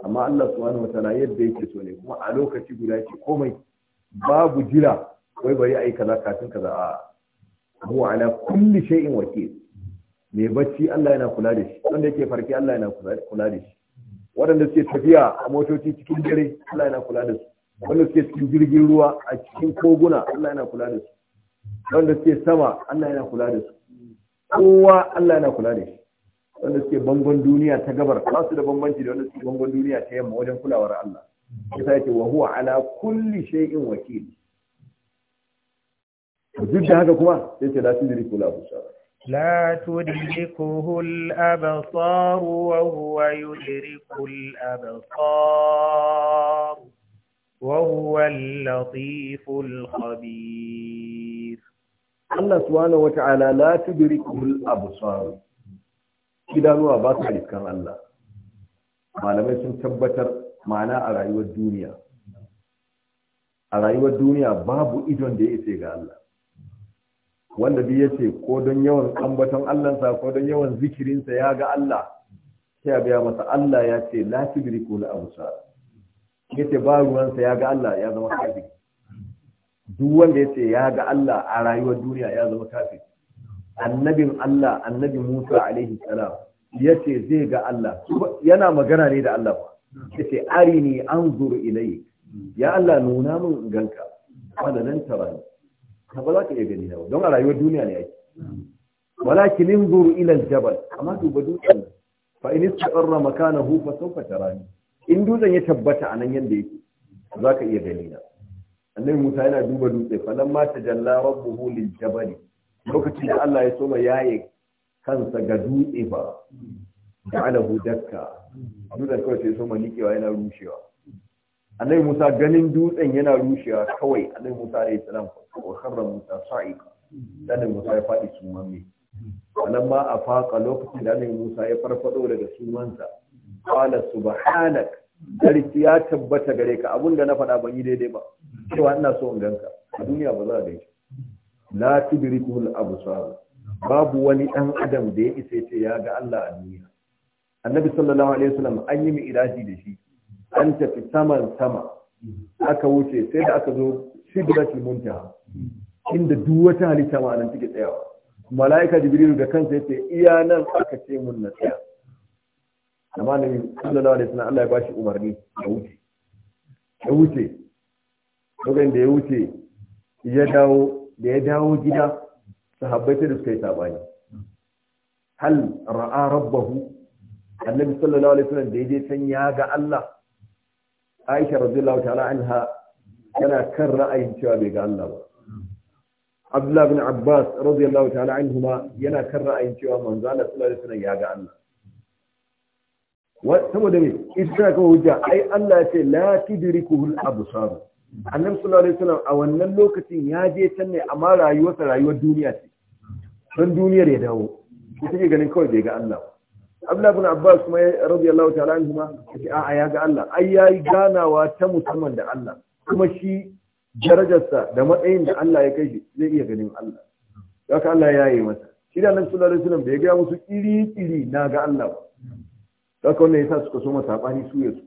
amma Allah subhanahu wataala yadda yake so ne kuma a lokaci guda yake komai babu jira wai bari yi kaza kafin kaza a huwa ala kulli shay'in wakil mai bacci Allah yana kula da shi wanda yake farki Allah yana kula da shi waɗanda suke tafiya a motoci cikin dare Allah yana kula da su wanda suke cikin jirgin ruwa a cikin koguna Allah yana kula da su wanda suke sama Allah yana kula da su kowa Allah yana kula da shi wanda suke bangon duniya ta gabar ba su da bambanci da wanda suke bangon duniya ta yamma wajen kulawar Allah yasa yake wa huwa ala kulli shay'in wakil duk da haka kuma sai ce la kula da busara لا تدركه الأبصار وهو يدرك الأبصار وهو اللطيف الخبير الله سبحانه وتعالى لا تدركه الأبصار إذا هو أبصار كان الله ما لم يسم تبتر معنى على أيوة الدنيا على أيوة الدنيا باب إذن دي إسيقى الله wanda bi yace ko don yawan ambaton Allahnsa ko don yawan zikirinsa ya ga Allah sai a gaya masa Allah ya ce la tudriku la absar yace ba ruwansa ya ga Allah ya zama kafir duk wanda yace ya ga Allah a rayuwar duniya ya zama kafir annabin Allah annabi Musa alaihi salam yace zai ga Allah yana magana ne da Allah yace arini anzur ilai ya Allah nuna min ganka wanda nan tara ka ba za ka iya gani na don a rayuwar duniya ne ake walakin inzuru ila jabal. amma duba dutsen fa in istaqarra makanahu fa sawfa tarani in dutsen ya tabbata anan yanda yake za ka iya gani na annabi Musa yana duba dutse falamma tajalla rabbuhu liljabali lokacin da Allah ya soma yaye kansa ga dutse ba ja'alahu dakka dutsen kawai sai soma likewa yana rushewa annabi Musa ganin dutsen yana rushewa kawai annabi Musa alayhi salam wa kharra Musa sa'iqa dan Musa ya fadi sumamme anan ma a faƙa lokacin da annabi Musa ya farfado daga sumansa qala subhanak darki ya tabbata gare ka da na faɗa ban yi daidai ba cewa ina so in ganka a duniya ba za a gaishe la tudrikul absar babu wani ɗan adam da ya isa ce ya ga Allah a duniya annabi sallallahu alaihi wasallam an yi mi'raji da shi an tafi saman sama aka wuce sai da aka zo sidratul muntaha inda duk wata halitta ma nan take tsayawa mala'ika jibril da kansa yace iya nan aka ce mun na tsaya amma ne sallallahu alaihi wasallam Allah ya bashi umarni ya wuce ya wuce lokacin da ya wuce ya dawo da ya dawo gida sahabbai sai da suka yi sabani hal ra'a rabbahu annabi sallallahu alaihi wasallam da yaje san ya ga Allah aisha radiyallahu ta'ala anha tana kan ra'ayin cewa bai ga Allah ba Abdullahi bin Abbas radiyallahu ta'ala anhuma yana kan ra'ayin cewa manzo Allah sallallahu alaihi ya ga Allah saboda me isa ka hujja ai Allah ya ce la tudrikuhu al-absar annabi sallallahu alaihi wasallam a wannan lokacin ya je can ne amma rayuwarsa rayuwar duniya ce dan duniyar ya dawo ita ce ganin kawai bai ga Allah ba abdullahi bin abbas kuma radiyallahu ta'ala anhu ma yace a'a ya ga Allah ai yayi ganawa ta musamman da Allah kuma shi darajarsa da matsayin da Allah ya kai shi zai iya ganin Allah haka Allah ya yi masa shi da annabi sallallahu alaihi wasallam bai ga musu iri iri na ga Allah ba haka wannan yasa suka so masa bani su yasu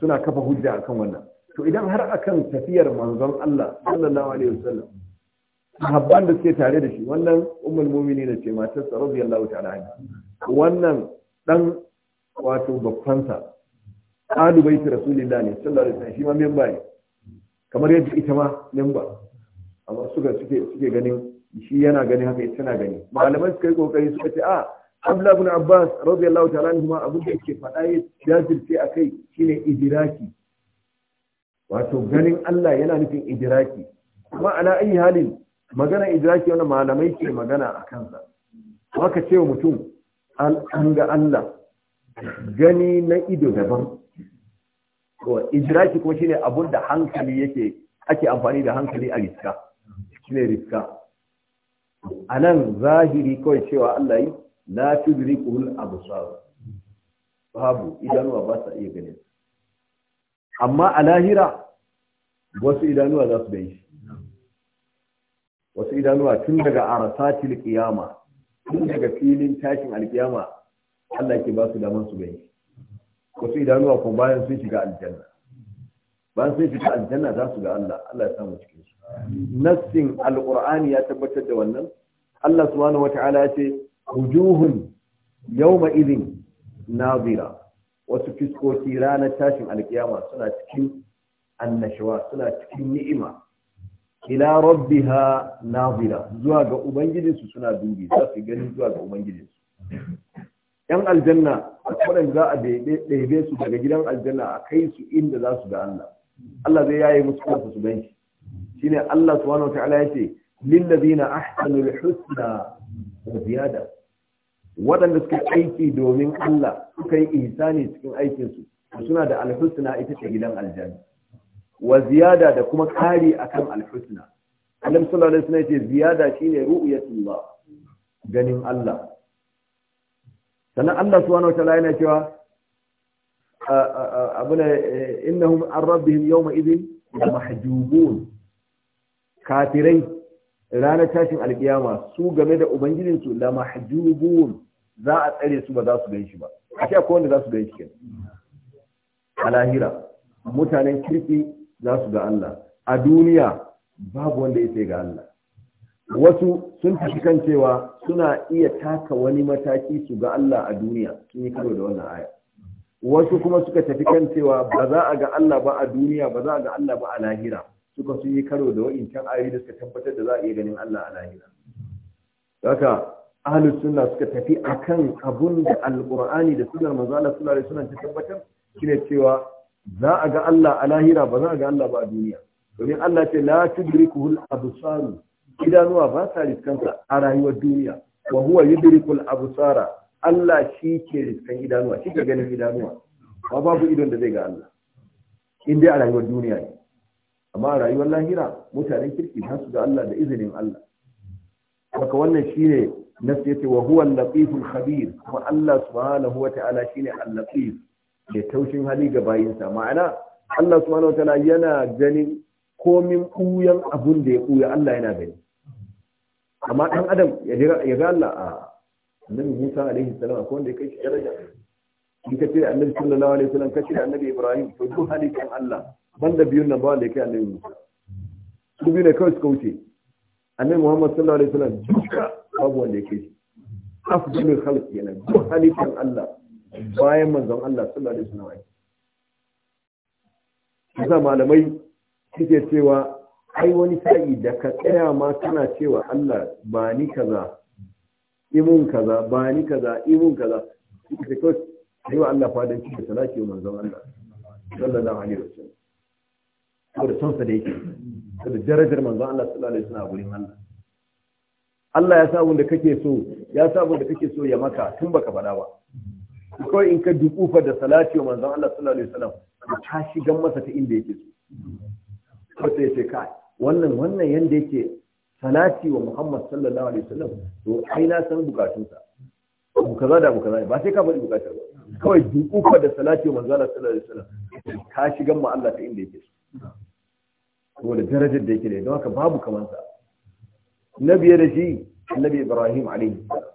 suna kafa hujja akan wannan to idan har akan tafiyar manzon Allah sallallahu alaihi wasallam sahabban da suke tare da shi wannan ummul mu'minin ce matar sa radiyallahu ta'ala anha wannan dan wato babbansa ahlu baiti rasulillah ne sallallahu alaihi wasallam shi ma memba ne kamar yadda ita ma memba amma suka suke suke ganin shi yana gani haka ita tana gani malamai suka yi kokari suka ce a ah, Abdullah ibn Abbas radiyallahu ta'ala anhu ma abin da yake faɗa ya jajirce akai shine idraki wato ganin Allah yana nufin idraki kuma ala ayi halin magana idraki wannan malamai ke magana a kansa haka ce wa mutum an ga Allah gani na ido daban Ko idraki kuma shine abun da hankali yake ake amfani da hankali a riska shine riska anan zahiri kawai cewa Allah yi la tudrikul absar babu idanuwa ba sa iya ganin amma a lahira wasu idanuwa za su gani shi wasu idanuwa tun daga arasatil qiyama tun daga filin tashin alkiyama Allah ke ba su daman su gani wasu idanuwa ko bayan sun shiga aljanna bayan sun shiga aljanna za su ga Allah Allah ya samu cikin su nassin alqur'ani ya tabbatar da wannan Allah subhanahu wata'ala ya ce wujuhun yawma idhin nazira wasu fiskoki ranar tashin alkiyama suna cikin annashawa suna cikin ni'ima ila rabbiha nazira zuwa ga ubangijinsu suna dubi za su gani zuwa ga ubangijinsu yan aljanna waɗanda za a daidai su daga gidan aljanna a kai su inda za su ga Allah Allah zai yaye musu su gan shi shine Allah subhanahu wataala yace lillazina ahsanu alhusna wa ziyada waɗanda suka aiki domin Allah suka yi ihsani cikin aikinsu suna da alhusna ita ce gidan aljanna wa ziyada da kuma kari akan alhusna annabi sallallahu alaihi wasallam yace ziyada shine ru'yatullah ganin Allah sannan Allah subhanahu wataala yana cewa abuna eh, innahum an rabbihim yawma idhin mahjubun kafirai ranar tashin alkiyama su game da ubangijinsu la mahjubun za a tsare su ba za su ganshi ba a ko wanda za su ganshi kenan a lahira mutanen kirki za su ga Allah a duniya babu wanda ya ga Allah wasu sun tafi kan cewa suna iya taka wani mataki su ga Allah a duniya sun yi karo da wannan aya wasu kuma suka tafi kan cewa ba za a ga Allah ba a duniya ba za a ga Allah ba a lahira suka sun yi karo da wa'incan ayoyi da suka tabbatar da za a iya ganin Allah a lahira haka ahlus sunna suka tafi akan abun da alqur'ani da sunnar manzo Allah sallallahu alaihi wasallam ta tabbatar shine cewa za a ga Allah a lahira ba za a ga Allah ba a duniya domin Allah ce la tudrikuhu al-absar idanuwa ba sa riskansa a rayuwar duniya wa huwa yudrikul abisara. Allah shi ke riskan idanuwa shi ke ganin idanuwa ba babu idon da zai ga Allah in dai a rayuwar duniya ne amma a rayuwar lahira mutanen kirki za su ga Allah da izinin Allah haka wannan shine nasu yace wa huwa al-latiful khabir kuma Allah subhanahu wa ta'ala shine al-latif da taushin hali ga bayinsa ma'ana Allah subhanahu ta'ala yana ganin komin kuyan abun da ya kuya Allah yana gani amma dan adam ya ga Allah a annabi Musa alaihi salam akwai wanda ya kai shi daraja in ka tira annabi sallallahu alaihi wasallam kace annabi Ibrahim to duk kan Allah banda biyun nan ba wanda ya kai annabi Musa su biyu ne kawai suka wuce annabi Muhammad sallallahu alaihi wasallam duka babu wanda ya kai shi afdalul khalqi yana duk kan Allah bayan manzon Allah sallallahu alaihi wasallam kusa malamai suke cewa ai wani sa'i da ka tsaya ma kana cewa Allah ba ni kaza imun kaza ba ni kaza imun kaza suke kawai sai wa Allah fadan cikin salati wa manzon Allah sallallahu alaihi wasallam da son sa da yake da darajar manzon Allah sallallahu alaihi wasallam a gurin Allah Allah ya sa wanda da kake so ya sa da kake so ya maka tun baka faɗa ba kawai in ka dukufa da salati wa manzon Allah sallallahu alaihi wasallam ka shigan masa ta inda yake so ko sai sai kai wannan wannan yanda yake salati wa Muhammad sallallahu alaihi wasallam to ai na san bukatunsa abu kaza da abu kaza ba sai ka bari bukatar ba kawai dukufa da salati wa manzon Allah sallallahu alaihi wasallam ka shigan ma Allah ta inda yake so da darajar da yake da don haka babu kamansa na biye da shi annabi Ibrahim alaihi salam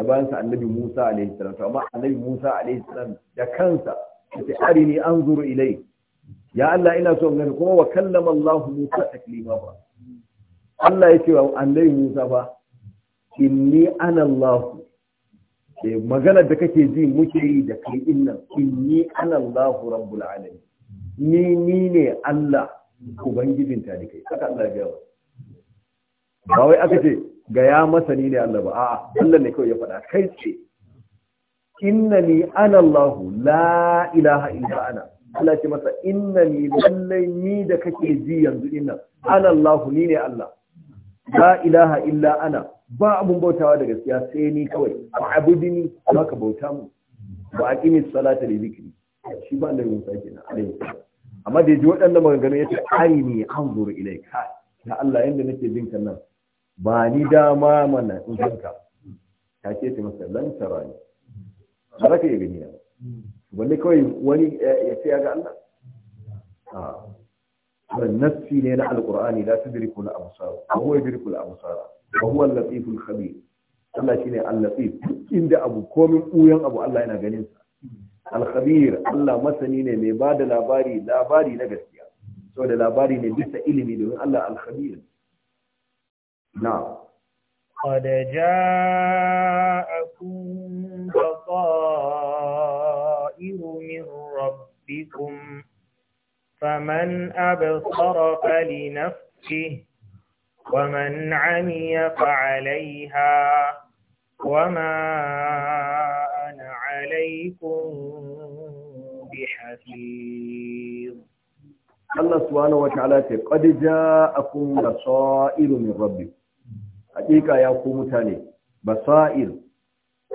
a bayansa annabi Musa alaihi salam to amma annabi Musa alaihi salam da kansa yace arini anzuru ilai ya Allah ina so gani kuma wa kallama Allah Musa taklima ba Allah yace wa annabi Musa fa inni ana Allah eh magana da kake ji muke yi da kai innan inni ana Allah rabbul alamin ni ni ne Allah ubangijin ta da kai haka Allah ya ga ba wai aka ce ga ya masani ne Allah ba a'a Allah ne kawai ya faɗa kai ce innani ana Allah la ilaha illa ana Allah ce masa innani lallai ni da kake ji yanzu ina. ana Allah ni ne Allah la ilaha illa ana ba abun bautawa da gaskiya sai ni kawai A abudini ka bauta mu ba a aqimis salata da zikiri shi ba Allah yin sake na alai amma da ji waɗannan maganganu ya yace arini anzuru ilaika ya Allah yanda nake jin kan nan ba ni dama mana in ganka ta ce ta masa lantara ne ba za ka iya gani na wani kawai wani ya ce ya ga Allah a wannan nassi ne na alqur'ani la tudriku al-absar wa huwa yudriku al-absar wa huwa al-latif al-khabir Allah shine al-latif inda abu komin uyan abu Allah yana ganin sa al-khabir Allah masani ne mai bada labari labari na gaskiya saboda labari ne bisa ilimi domin Allah al-khabir نعم قد جاءكم بصائر من ربكم فمن أبصر فلنفسه ومن عمي فعليها وما أنا عليكم بحفيظ الله سبحانه وتعالى قد جاءكم بصائر من ربكم hakika ya ku mutane basair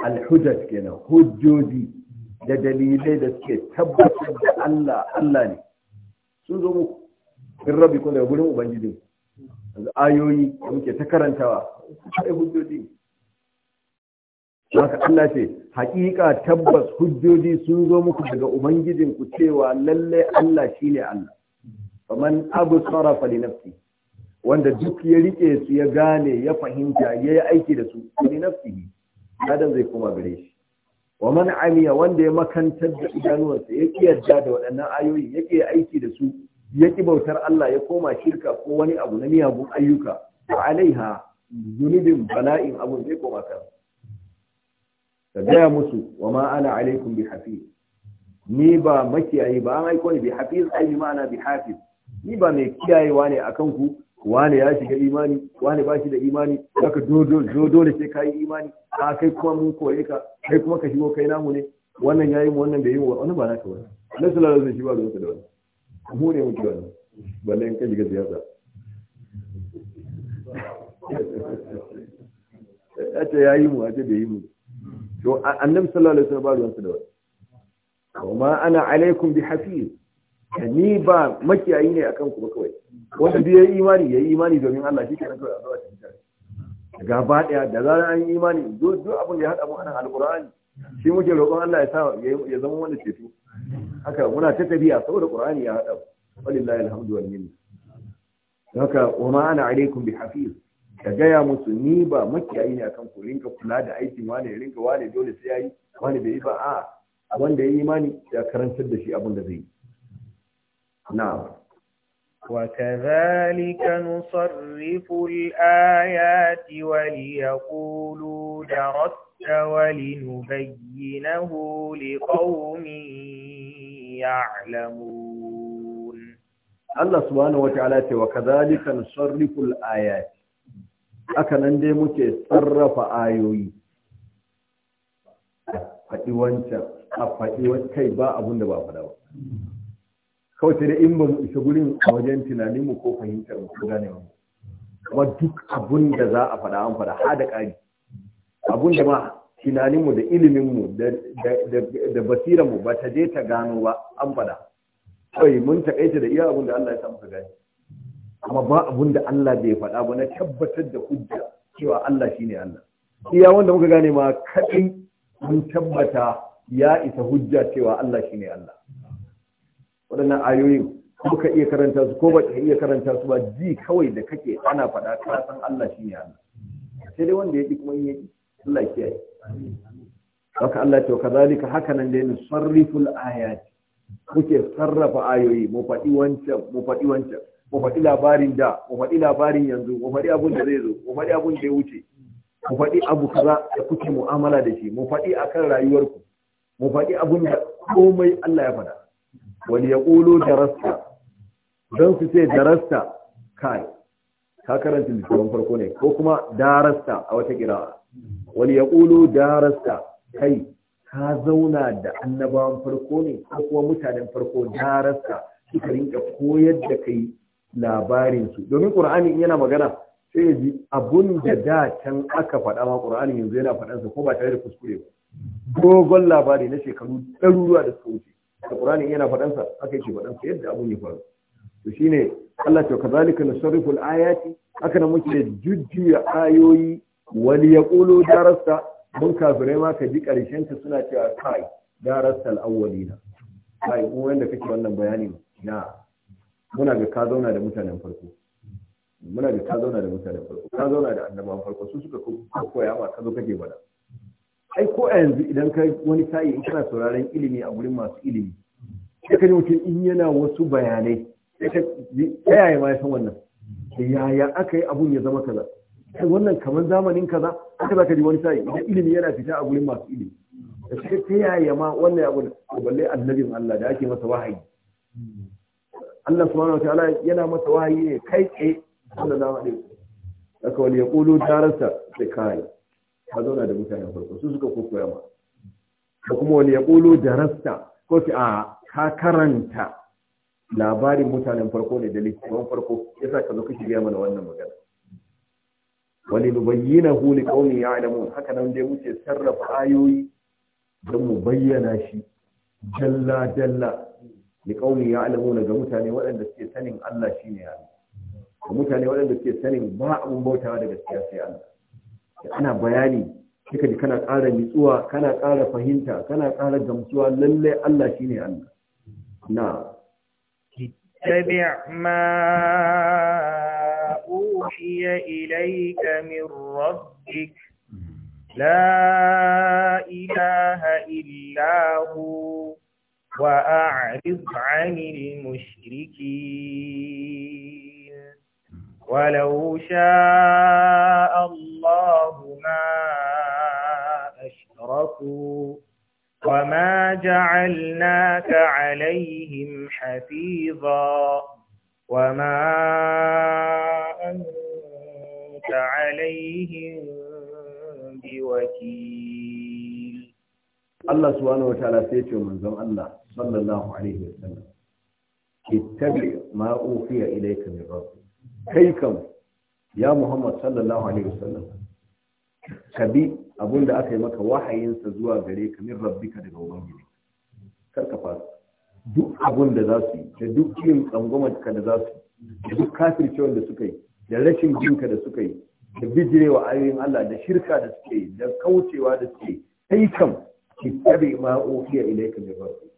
alhujjat kenan hujjoji da dalilai da suke tabbatar da Allah Allah ne sun zo muku in rabi ko daga gurin ubangiji ayoyi da muke ta karantawa sai hujjoji haka Allah ce hakika tabbas hujjoji sun zo muku daga ubangijinku cewa lalle Allah shine Allah faman absara fali nafsi wanda duk ya rike su ya gane ya fahimta ya yi aiki da su ne nafsihi adam zai kuma gare shi wa man amiya wanda ya makantar da idanuwansa ya ki yarda da waɗannan ayoyi ya ke aiki da su ya ki bautar Allah ya koma shirka ko wani abu na miyagun ayyuka wa alaiha zunubin bala'in abun zai koma kan ka gaya musu wa ma ana alaikum bi hafi. ni ba makiyayi ba an aiko ni bi hafi ai ma'ana bi hafiz ni ba mai kiyayewa ne akan ku wane ya shiga imani wane ba shi da imani haka dole sai ka yi imani a kai kuma mun koye ka kai kuma ka shigo kai namu ne wannan ya yi mu wannan bai yi mu wannan ba naka ba na sulala zai shi ba da da wani mu ne muke wannan balle in ka shiga siyasa a ce ya yi mu a ce bai yi mu to annabi sallallahu alaihi wasallam ba su da wani wa ana alaikum bi hafiz ni ba makiyayi ne akan ku kawai wanda duk yi imani yayi imani domin Allah shi kenan kawai a ta fita gaba daya da zarar an yi imani duk abin da ya hada mu anan alqur'ani shi muke roƙon Allah ya sa ya zama wanda ceto haka muna ta tabiya saboda qur'ani ya hada walillahi alhamdu wal minna haka wa ma ana alaikum bi hafiz ka gaya musu ni ba makiyayi ne akan ku rinka kula da aikin wane rinka wane dole sai yayi wane bai yi ba a wanda ya yi imani ya karantar da shi abin da zai yi نعم وكذلك نصرف الآيات وليقولوا درست ولنبينه لقوم يعلمون الله سبحانه وتعالى وكذلك نصرف الآيات hakanan dai muke sarrafa ayoyi a faɗi wancan a faɗi kawai sai dai in ba mu isa gurin a wajen tunanin mu ko fahimtar mu ko gane mu kuma duk abun da za a faɗa an faɗa har ƙari abun da ma tunanin mu da ilimin mu da da mu ba ta je ta gano ba an faɗa kai mun takaita da iya abun da Allah ya samu ka gani amma ba abun da Allah bai faɗa ba na tabbatar da hujja cewa Allah shine Allah iya wanda muka gane ma kaɗai mun tabbata ya isa hujja cewa Allah shine Allah waɗannan ayoyin ko ka iya karanta su ko ba ka iya karanta su ba ji kawai da kake ana faɗa ka san Allah shi ne Allah sai dai wanda ya ji kuma yake Allah ya yi haka Allah to kazalika haka nan dai nusarriful ayati kuke sarrafa ayoyi mu faɗi wancan mu faɗi wancan mu faɗi labarin da mu faɗi labarin yanzu mu faɗi abun da zai zo mu faɗi abun da ya wuce mu faɗi abu kaza da kuke mu'amala da shi mu faɗi akan rayuwarku mu faɗi abun da komai Allah ya faɗa wani ya ƙulo darasta don su ce darasta kai ka karanta littafin farko ne ko kuma darasta a wata kira wani ya ƙulo darasta kai ka zauna da annabawan farko ne ko kuma mutanen farko darasta suka rinka koyar da kai labarinsu domin ƙur'ani yana magana sai ya ji abun da da can aka faɗa ma ƙur'ani yanzu yana faɗansa ko ba tare da kuskure ba dogon labari na shekaru ɗaruruwa da suka wuce alƙur'ani yana faɗansa, aka yake faɗansa yadda abun ya faru to shine Allah ta kazalika nusarrifu al-ayati haka nan muke jujjuya ayoyi wal yaqulu darasta mun kafirai ma ka ji karshen ka suna cewa kai darasta al-awwalina kai wanda kake wannan bayani na muna ga ka zauna da mutanen farko muna da ka zauna da mutanen farko ka zauna da annabawan farko su suka koya ma ka zo kake bada ai ko a yanzu idan ka wani sa'i in kana sauraron ilimi a gurin masu ilimi sai ka ji mutum in yana wasu bayanai sai ka ta yaya ma ya san wannan yaya aka yi abun ya zama kaza kai wannan kamar zamanin kaza aka zaka ji wani sa'i idan ilimi yana fita a gurin masu ilimi da suka ta yaya ma wannan abun da balle annabin Allah da ake masa wahayi Allah subhanahu wataala yana masa wahayi ne kai tsaye sallallahu alaihi wasallam aka wani ya kulo darasa da kai ka zauna da mutanen farko su suka kokoya ma da kuma wani ya kolo da rasta ko ki a ka karanta labarin mutanen farko ne da littafin farko yasa ka zo ka shiga mana wannan magana wani nubayyina hu li qaumin ya'lamun haka nan dai muke sarrafa ayoyi don mu bayyana shi jalla dalla li qaumin ya'lamun ga mutane waɗanda suke sanin Allah shine ya mutane waɗanda suke sanin ba abun bautawa da gaskiya sai Allah ana bayani kika ji kana ƙara nitsuwa kana ƙara fahimta kana ƙara gamsuwa lalle Allah shine Allah na tabi' ma uhiya ilayka min rabbik la ilaha illa hu wa a'rid 'anil mushrikin ولو شاء الله ما أشركوا وما جعلناك عليهم حفيظا وما أنت عليهم بوكيل الله سبحانه وتعالى سيتو من زم الله صلى الله عليه وسلم اتبع ما أوحي إليك من ربك kai kam ya muhammad sallallahu alaihi wasallam ka bi abin da aka yi maka wahayinsa zuwa gare ka min rabbika daga ubangiji kar ka fasa duk abunda da za su yi da duk irin ka da za su yi da duk kafircewar da suka yi da rashin jinka da suka yi da bijirewa ayoyin Allah da shirka da suke yi da kaucewa da suke kai kam ki tabi ma uhiya ilaika min rabbika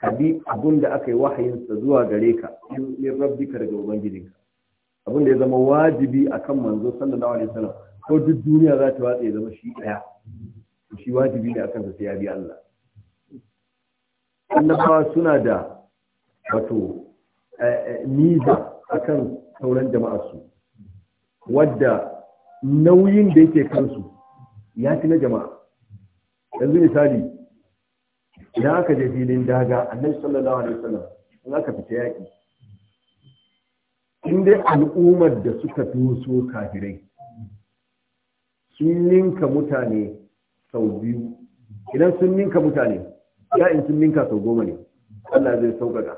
ka bi abin da aka yi wahayinsa zuwa gare ka min rabbika daga ubangijinka abin da ya zama wajibi akan manzo sallallahu alaihi wasallam ko duk duniya za ta watsa ya zama shi daya shi wajibi ne akan kan sai ya bi Allah annabawa suna da wato eh, eh, niza akan sauran jama'ar su wadda nauyin da yake kansu ya fi na jama'a yanzu misali idan aka je filin daga annabi sallallahu alaihi wasallam in aka fita yaki in dai al'ummar da suka doso kafirai sun ninka mutane sau biyu idan sun ninka mutane ya in sun ninka sau goma ne Allah zai sauƙaƙa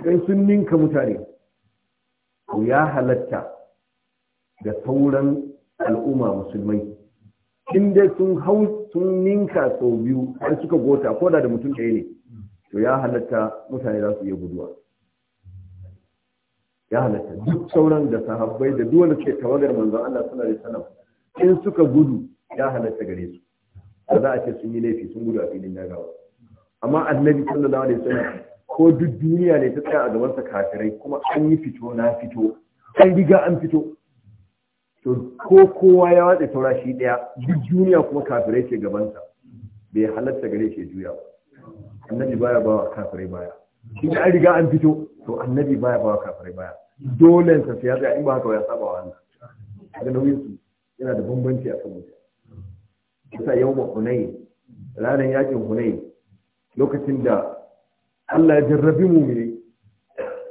idan sun ninka mutane to ya halatta da sauran al'umma musulmai in dai sun hau sun ninka sau biyu har suka gota ko da da mutum ɗaya ne to ya halatta mutane za su iya guduwa ya halatta duk sauran da sahabbai da duk ke tawagar manzon Allah suna da wasallam in suka gudu ya halatta gare su ba za a ce sun yi laifi sun gudu a filin dagawa amma annabi sallallahu alaihi wasallam ko duk duniya ne ta tsaya a gaban sa kafirai kuma an yi fito na fito an riga an fito to ko kowa ya watsa taura shi daya duk duniya kuma kafirai ke gaban sa bai halatta gare shi juya ba annabi baya bawa kafirai baya shi an riga an fito to annabi baya ba kafirai baya dole sa ya tsaya in ba haka ya saba wa Allah daga nauyin su yana da bambanci a kan mutum kusa yau ma hunai ranar yakin hunai lokacin da Allah ya jarrabi mu ne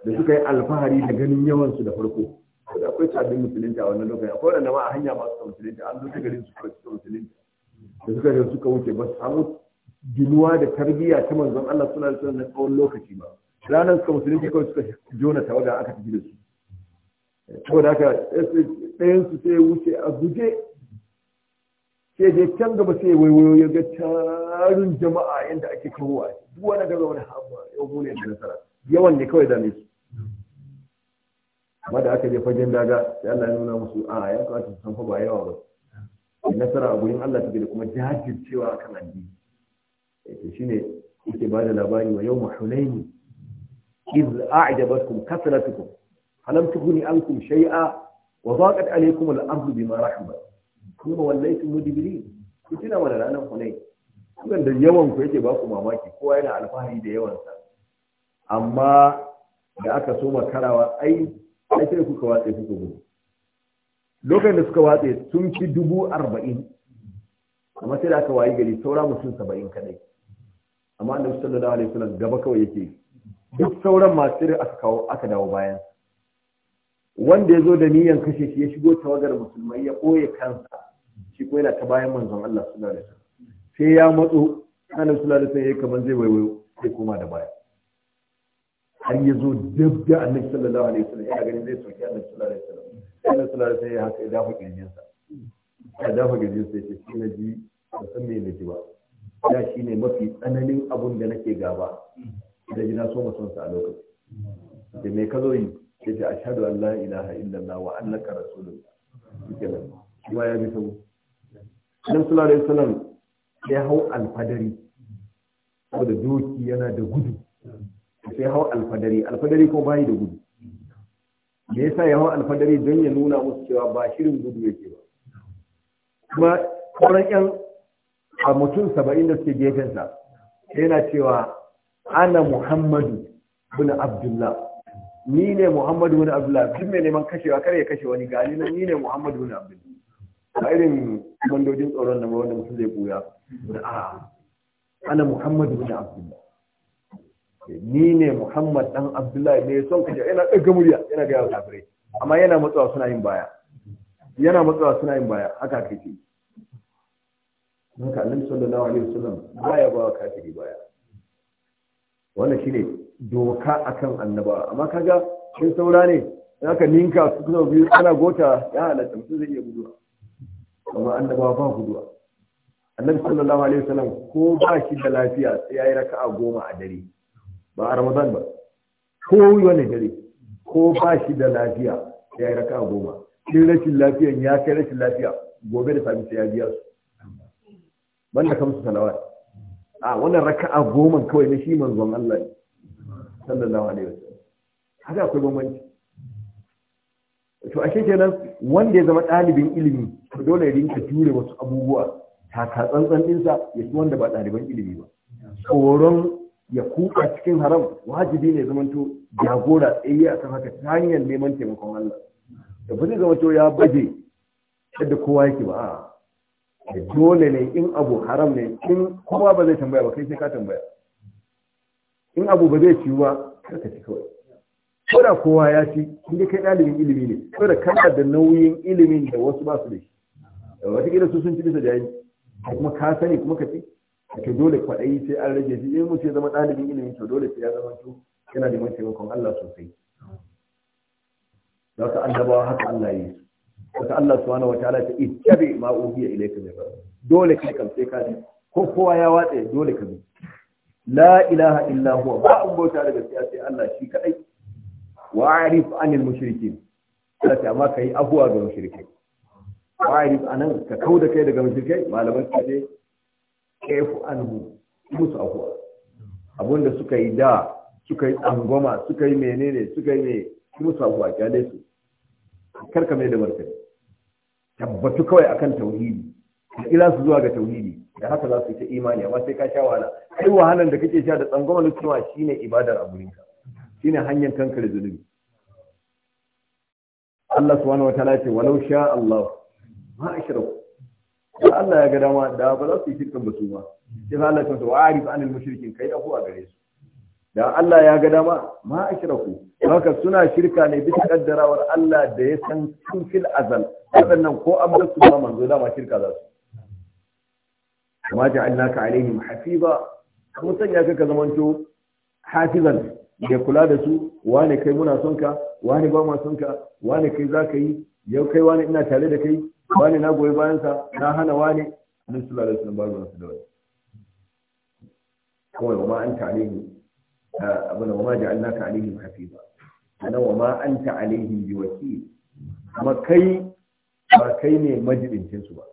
da suka yi alfahari da ganin yawan su da farko da akwai sabbin musulunta a wannan lokacin akwai wanda ma a hanya masu musulunta an zuci garin su kawai suka musulunta da suka da suka wuce ba su samu ginuwa da tarbiyya ta manzon Allah suna da na tsawon lokaci ba ranar suka musulunci kawai suka jona tawaga aka tafi da su saboda haka ɗayan su sai wuce a guje sai dai can gaba sai waiwayo ya ga tarin jama'a yadda ake kawowa duk wani gaba wani hamba yau mu ne da nasara yawan ne kawai dame su amma da aka je fagen daga sai Allah ya nuna musu a ya kamata su san ba yawa ba nasara a gurin Allah take da kuma jajircewa kan addini eh, shi shine yake ba da labari wa yau ne. iz a'jabatkum kasratukum alam tughni ankum shay'a wa daqat alaykum al-ardu bima rahabat kuma wallaytum mudbirin kuna mana ranan hunay kun da yawan ku yake ba ku mamaki kowa yana alfahari da yawan sa amma da aka so makarawa ai ai sai kuka watsa kuka gudu lokacin da suka watsa sun fi dubu arba'in amma sai da aka wayi gari saura mutum saba'in kadai amma annabi sallallahu alaihi wasallam gaba kawai yake duk sauran masu irin aka kawo aka dawo bayan wanda ya zo da niyan kashe shi ya shigo tawagar musulmai ya ɓoye kansa shi ko yana ta bayan manzon Allah sallallahu alaihi wasallam sai ya matso annabi sallallahu alaihi wasallam kamar zai waiwayo sai koma da baya har ya zo dab da annabi sallallahu alaihi wasallam yana ganin zai soki annabi sallallahu alaihi wasallam sallallahu alaihi wasallam ya haka ya dafa kirjinsa ya dafa kirjinsa ya ce shi na ji ba san me na ji ba ya shi ne mafi tsananin abun da nake gaba da ji so ba son sa a lokacin da me ka zo yi ya ce ashhadu an la ilaha illallah wa annaka rasulullah kuma ya bisa mu nan sallallahu alaihi wasallam ya hau alfadari saboda doki yana da gudu sai hau alfadari alfadari ko bayi da gudu me yasa ya hau alfadari don ya nuna musu cewa ba shirin gudu yake ba kuma sauran yan a mutum saba'in da suke gefensa yana cewa ana muhammadu bin abdullah ni ne muhammadu bin abdullah duk mai neman kashewa kar ya kashe wani gani nan ni ne muhammadu bin abdullah A irin mandojin tsoron nan wanda mutum zai buya da a ah, ana muhammadu bin abdullah ni ne muhammad dan abdullah ne son kaje yana ɗaga murya yana ga yawa kafirai amma yana matsawa suna yin baya yana matsawa suna yin baya haka kake haka Allah sallallahu alaihi wasallam baya ba kafiri baya wannan ne doka akan annaba amma kaga sun saura ne za ka ninka su kuna biyu ana gota ya halatta mutum zai iya guduwa amma annaba ba guduwa annabi sallallahu alaihi wasallam ko ba shi da lafiya sai raka raka'a goma a dare ba a ramadan ba ko wani dare ko ba shi da lafiya sai yayi raka'a goma in rashin lafiyan ya kai rashin lafiya gobe da sami sai ya biya su banda kamsu salawat a wannan raka'a goma kawai na shi manzon Allah sallallahu alaihi wasallam haka akwai bambanci to ashe kenan wanda ya zama ɗalibin ilimi to dole ya rinka jure wasu abubuwa taka tsantsan sa ya ci wanda ba ɗaliban ilimi ba tsoron ya kuka cikin haram wajibi ne zamanto jagora tsaye a kan haka ta hanyar neman taimakon Allah da ba zai zama to ya baje yadda kowa yake ba dole ne in abu haram ne in kowa ba zai tambaya ba kai sai ka tambaya in abu ba zai ciwa ba ka ci kawai ko da kowa ya ci in dai kai ɗalibin ilimi ne ko da kana da nauyin ilimin da wasu ba su da shi wataƙila su sun ci bisa jayi kuma ka sani kuma ka ci ka dole kwaɗayi sai an rage shi in mutum ya zama ɗalibin ilimi to dole sai ya zama to yana neman taimakon Allah sosai. Za ka annabawa haka Allah ya yi su. wata Allah subhanahu wataala ta ittabi ma uhiya ilayka min rabbik dole kai kam sai ka ko kowa ya watse dole ka bi la ilaha illa huwa ba an bauta daga sai Allah shi kadai wa arif anil mushrikin kada ta ma kai abuwa ga mushrikai wa arif anan ka kauda kai daga mushrikai malaman su ce kaifu anhu musu abuwa abunda suka yi da suka yi tsangoma suka yi menene suka yi musu abuwa kyale su karka mai da martani tabbatu kawai akan tauhidi ka ila su zuwa ga tauhidi da haka za su yi ta imani amma sai ka sha wahala kai wahalan da kake sha da tsangwama na cewa shine ibadar a gurinka shine hanyar kankare zunubi Allah subhanahu wa ta'ala ce walau sha Allah ma ashraku da Allah ya ga dama da ba za su yi shirkan ba su ma sai Allah ya ce wa arif anil mushrikin kai a gare su da Allah ya ga dama ma ashraku haka suna shirka ne bisa kaddarawar Allah da ya san sun fil azal waɗannan ko an bar su ba manzo ma shirka za su kuma kama ja'alnaka alaihim hafiza mun sanya ka ka zamanto hafizan ya kula da su wane kai muna son ka wane ba ma son ka wane kai za ka yi yau kai wane ina tare da kai wane na goyi bayan sa na hana wane annabi sallallahu alaihi wasallam ba su da wani kawai ma an tare ni abin wa ma ja'alnaka alaihim hafiza ana wa ma anta alaihim biwakil kuma kai ba kai ne majibincin su ba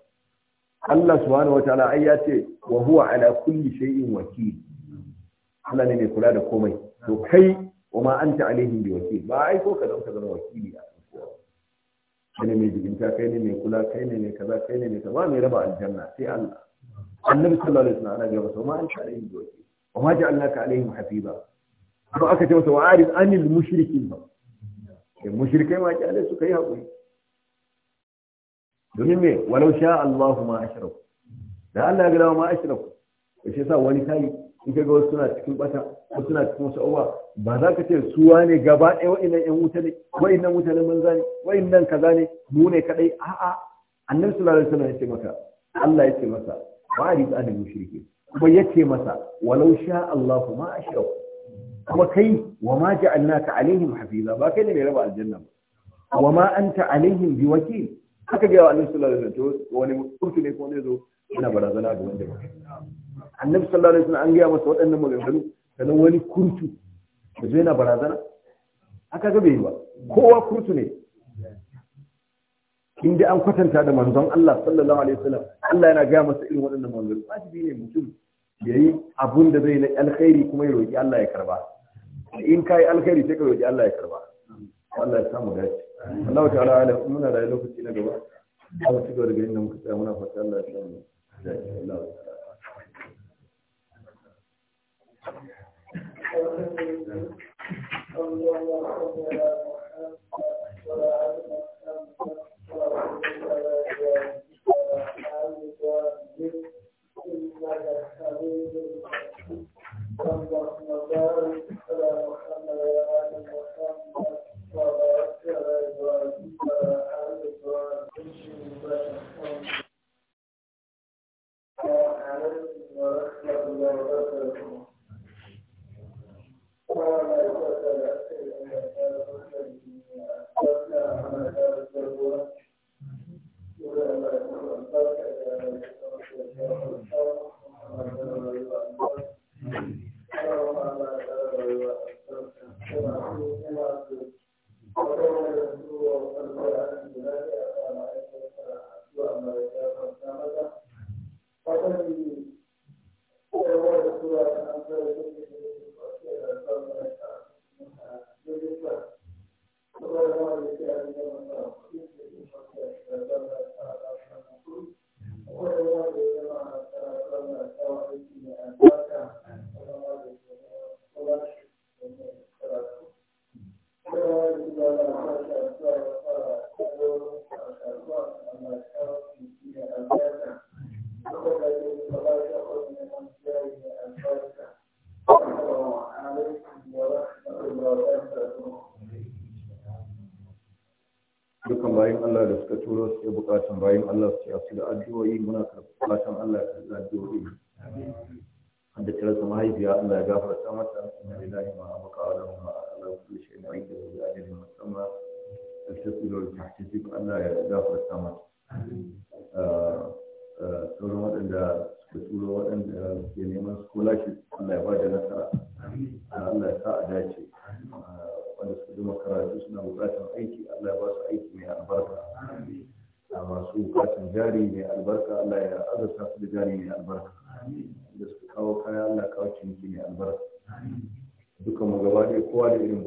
Allah subhanahu wataala ai ya ce wa huwa ala kulli shay'in wakil Allah ne mai kula da komai to kai wa ma anta bi biwakil ba ai ko ka dauka zama wakili a kai ne mai jibinta kai ne mai kula kai ne mai kaza kai ne mai kaza mai raba aljanna sai Allah annabi sallallahu alaihi wasallam ana ga masa ma anta alaihim biwakil wa ma ja'alnaka alaihim hafiza kuma aka ce masa wa arif anil mushrikin ba sai mushrikai ma kyale su yi haƙuri domin me walau sha Allahu ma ashraku da Allah ya ga ma ashraku Ya shi yasa wani kai in ka ga wasu suna cikin bata ko suna cikin wasu uwa ba za ka ce su wane gaba ɗaya wa'annan ƴan wuta ne wa'annan mutanen banza ne wa'annan kaza ne mu ne kadai a'a annabi sallallahu alaihi wasallam ya ce maka Allah ya ce masa wa'rid anil mushrikin kuma ya ce masa walau sha Allahu ma ashraku kuma kai wa ma ja'alnaka alaihim hafiza ba kai ne mai raba aljanna ba wa ma anta alaihim wakil haka ga annabi sallallahu alaihi wasallam wani mutum ne ko ne zo ina barazana ga wanda ba annabi sallallahu alaihi wasallam an gaya masa waɗannan maganganu kana wani kurtu da zo yana barazana haka ga bai ba kowa kurtu ne inda an kwatanta da manzon Allah sallallahu alaihi wasallam Allah yana gaya masa irin waɗannan maganganu wajibi ne mutum ya yi abun da zai na alkhairi kuma ya roƙi Allah ya karba in ka yi alkhairi sai ka roƙi Allah ya karba Allah ya samu dace Allah ta ala muna da lokaci na gaba Allah ci gaba da garin da muka tsaya muna fata Allah ya samu dace Allah Thank you. Allah da suka turo su ya bukatan bayan Allah su ya su da addu'o'i muna bukatan Allah ya karɓi addu'o'i da ta rasa mahaifiya Allah ya gafarta mata da lillahi ma abaka wa lahu ma ala na shay'in da bi ajalin musamma al-tasbih wal tahtasib Allah ya ta mata ah, ah, sauran waɗanda suka turo waɗanda ke neman scholarship Allah ya ba da nasara Allah ya sa a dace jari mai albarka Allah ya azurta su da jari mai albarka da su kawo kaya Allah kawo ciniki mai albarka duka mu gaba ɗaya kowa da irin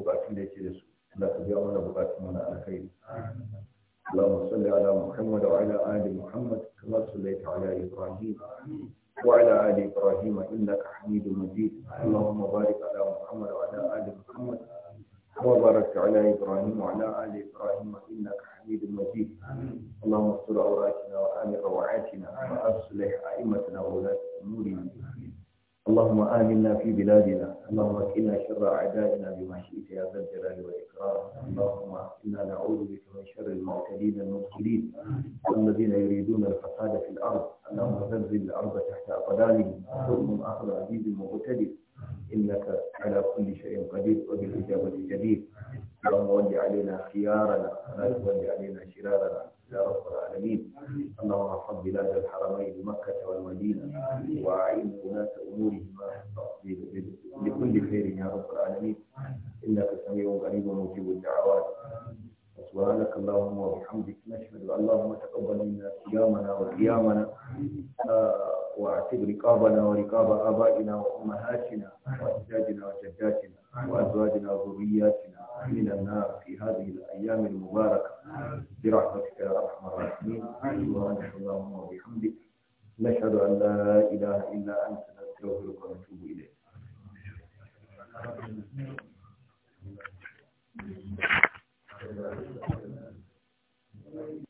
أحبابنا ورقاب آبائنا وأمهاتنا